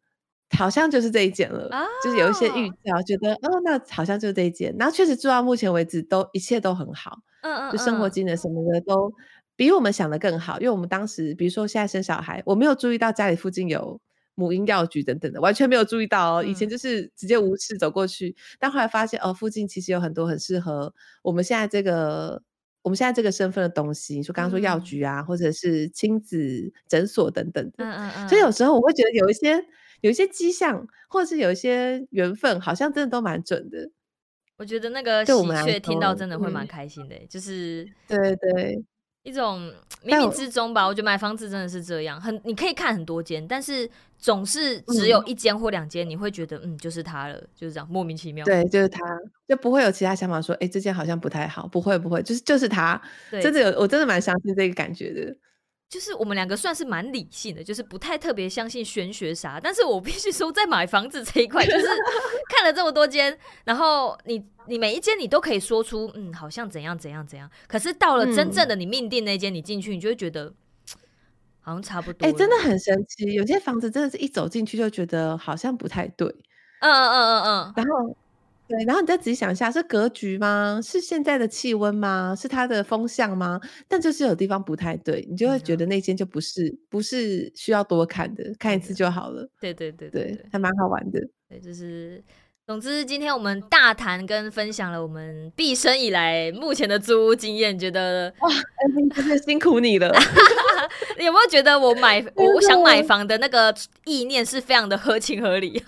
好像就是這一間了，哦、就是有一些預兆，覺得哦、嗯，那好像就是這一間。然後確實住到目前為止都一切都很好，嗯，嗯，嗯就生活機能什麼的都比我們想的更好，因為我們當時，比如說現在生小孩，我沒有注意到家裡附近有母嬰藥局等等的，完全沒有注意到哦。以前就是直接無視走過去，嗯、但後來發現哦，附近其實有很多很適合我們現在這個我們現在這個身份的東西。你說剛剛說藥局啊，嗯、或者是親子診所等等的嗯，嗯嗯嗯。所以有時候我會覺得有一些有一些跡象，或者是有一些緣分，好像真的都蠻準的。我覺得那個喜鵲聽到真的會蠻開心的，嗯、就是對對。一種冥冥之中吧，我，我覺得買房子真的是這樣，很你可以看很多間，但是總是只有一間或兩間，你會覺得嗯，嗯就是他了，就是這樣莫名其妙。對，就是他就不會有其他想法說，哎、欸，這間好像不太好，不會不會，就是就是他，真的有，對我真的蠻相信這個感覺的。就是我們兩個算是蠻理性的，就是不太特別相信玄學啥。但是我必須說，在買房子這一塊， 就是看了這麼多間，然後你你每一間你都可以說出，嗯，好像怎樣怎樣怎樣。可是到了真正的你命定那間，嗯、你進去，你就會覺得好像差不多。哎、欸，真的很神奇，有些房子真的是一走進去就覺得好像不太對。嗯嗯嗯嗯嗯，然後。對，然後你再仔細想一下，是格局嗎？是現在的氣溫嗎？是它的風向嗎？但就是有地方不太對，你就會覺得那間就不是，不是需要多看的，對看一次就好了。對對對對，對，還蠻好玩的。對，就是，總之今天我們大談跟分享了我們畢生以來目前的租屋經驗，覺得哇，哦、真的辛苦你了。你 有沒有覺得我買，我想買房的那個意念是非常的合情合理？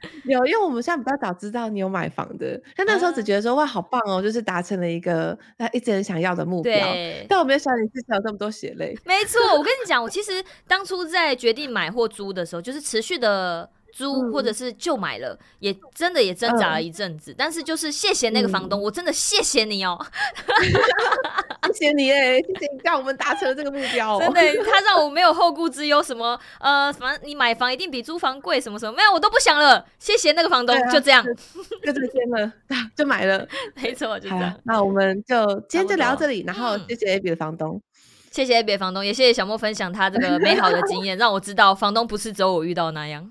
有，因為我們現在比較早知道你有買房的，但那時候只覺得說、嗯、哇好棒哦，就是達成了一個他一直很想要的目標。對但我沒想到你自己有這麼多血淚。沒錯，我跟你講， 我其實當初在決定買或租的時候，就是持續的。租或者是就買了，也真的也掙扎了一陣子，但是就是謝謝那個房東，我真的謝謝你哦，謝謝你哎，謝謝你讓我們達成了這個目標，真的他讓我沒有後顧之憂，什麼呃，什麼？你買房一定比租房貴，什麼什麼沒有，我都不想了，謝謝那個房東，就這樣，就這些了，就買了，沒錯，就這樣。那我們就今天就聊到這裡，然後謝謝 AB 的房東，謝謝 AB 的房東，也謝謝小莫分享他這個美好的經驗，讓我知道房東不是只有我遇到那樣。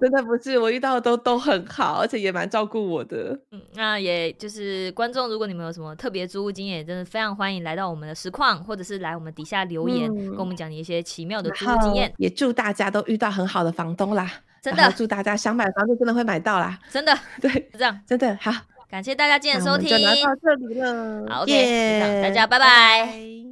真的不是，我遇到的都都很好，而且也蠻照顧我的。嗯，那也就是觀眾，如果你們有什麼特別租屋經驗，也真的非常歡迎來到我們的實況，或者是來我們底下留言，嗯、跟我們講你一些奇妙的租屋經驗。也祝大家都遇到很好的房東啦，真的！祝大家想買房子真的會買到啦，真的。對，是這樣，真的，好。感謝大家今天收聽，那我們就到這裡了。好，謝、OK, 謝耶大家，拜拜。拜拜。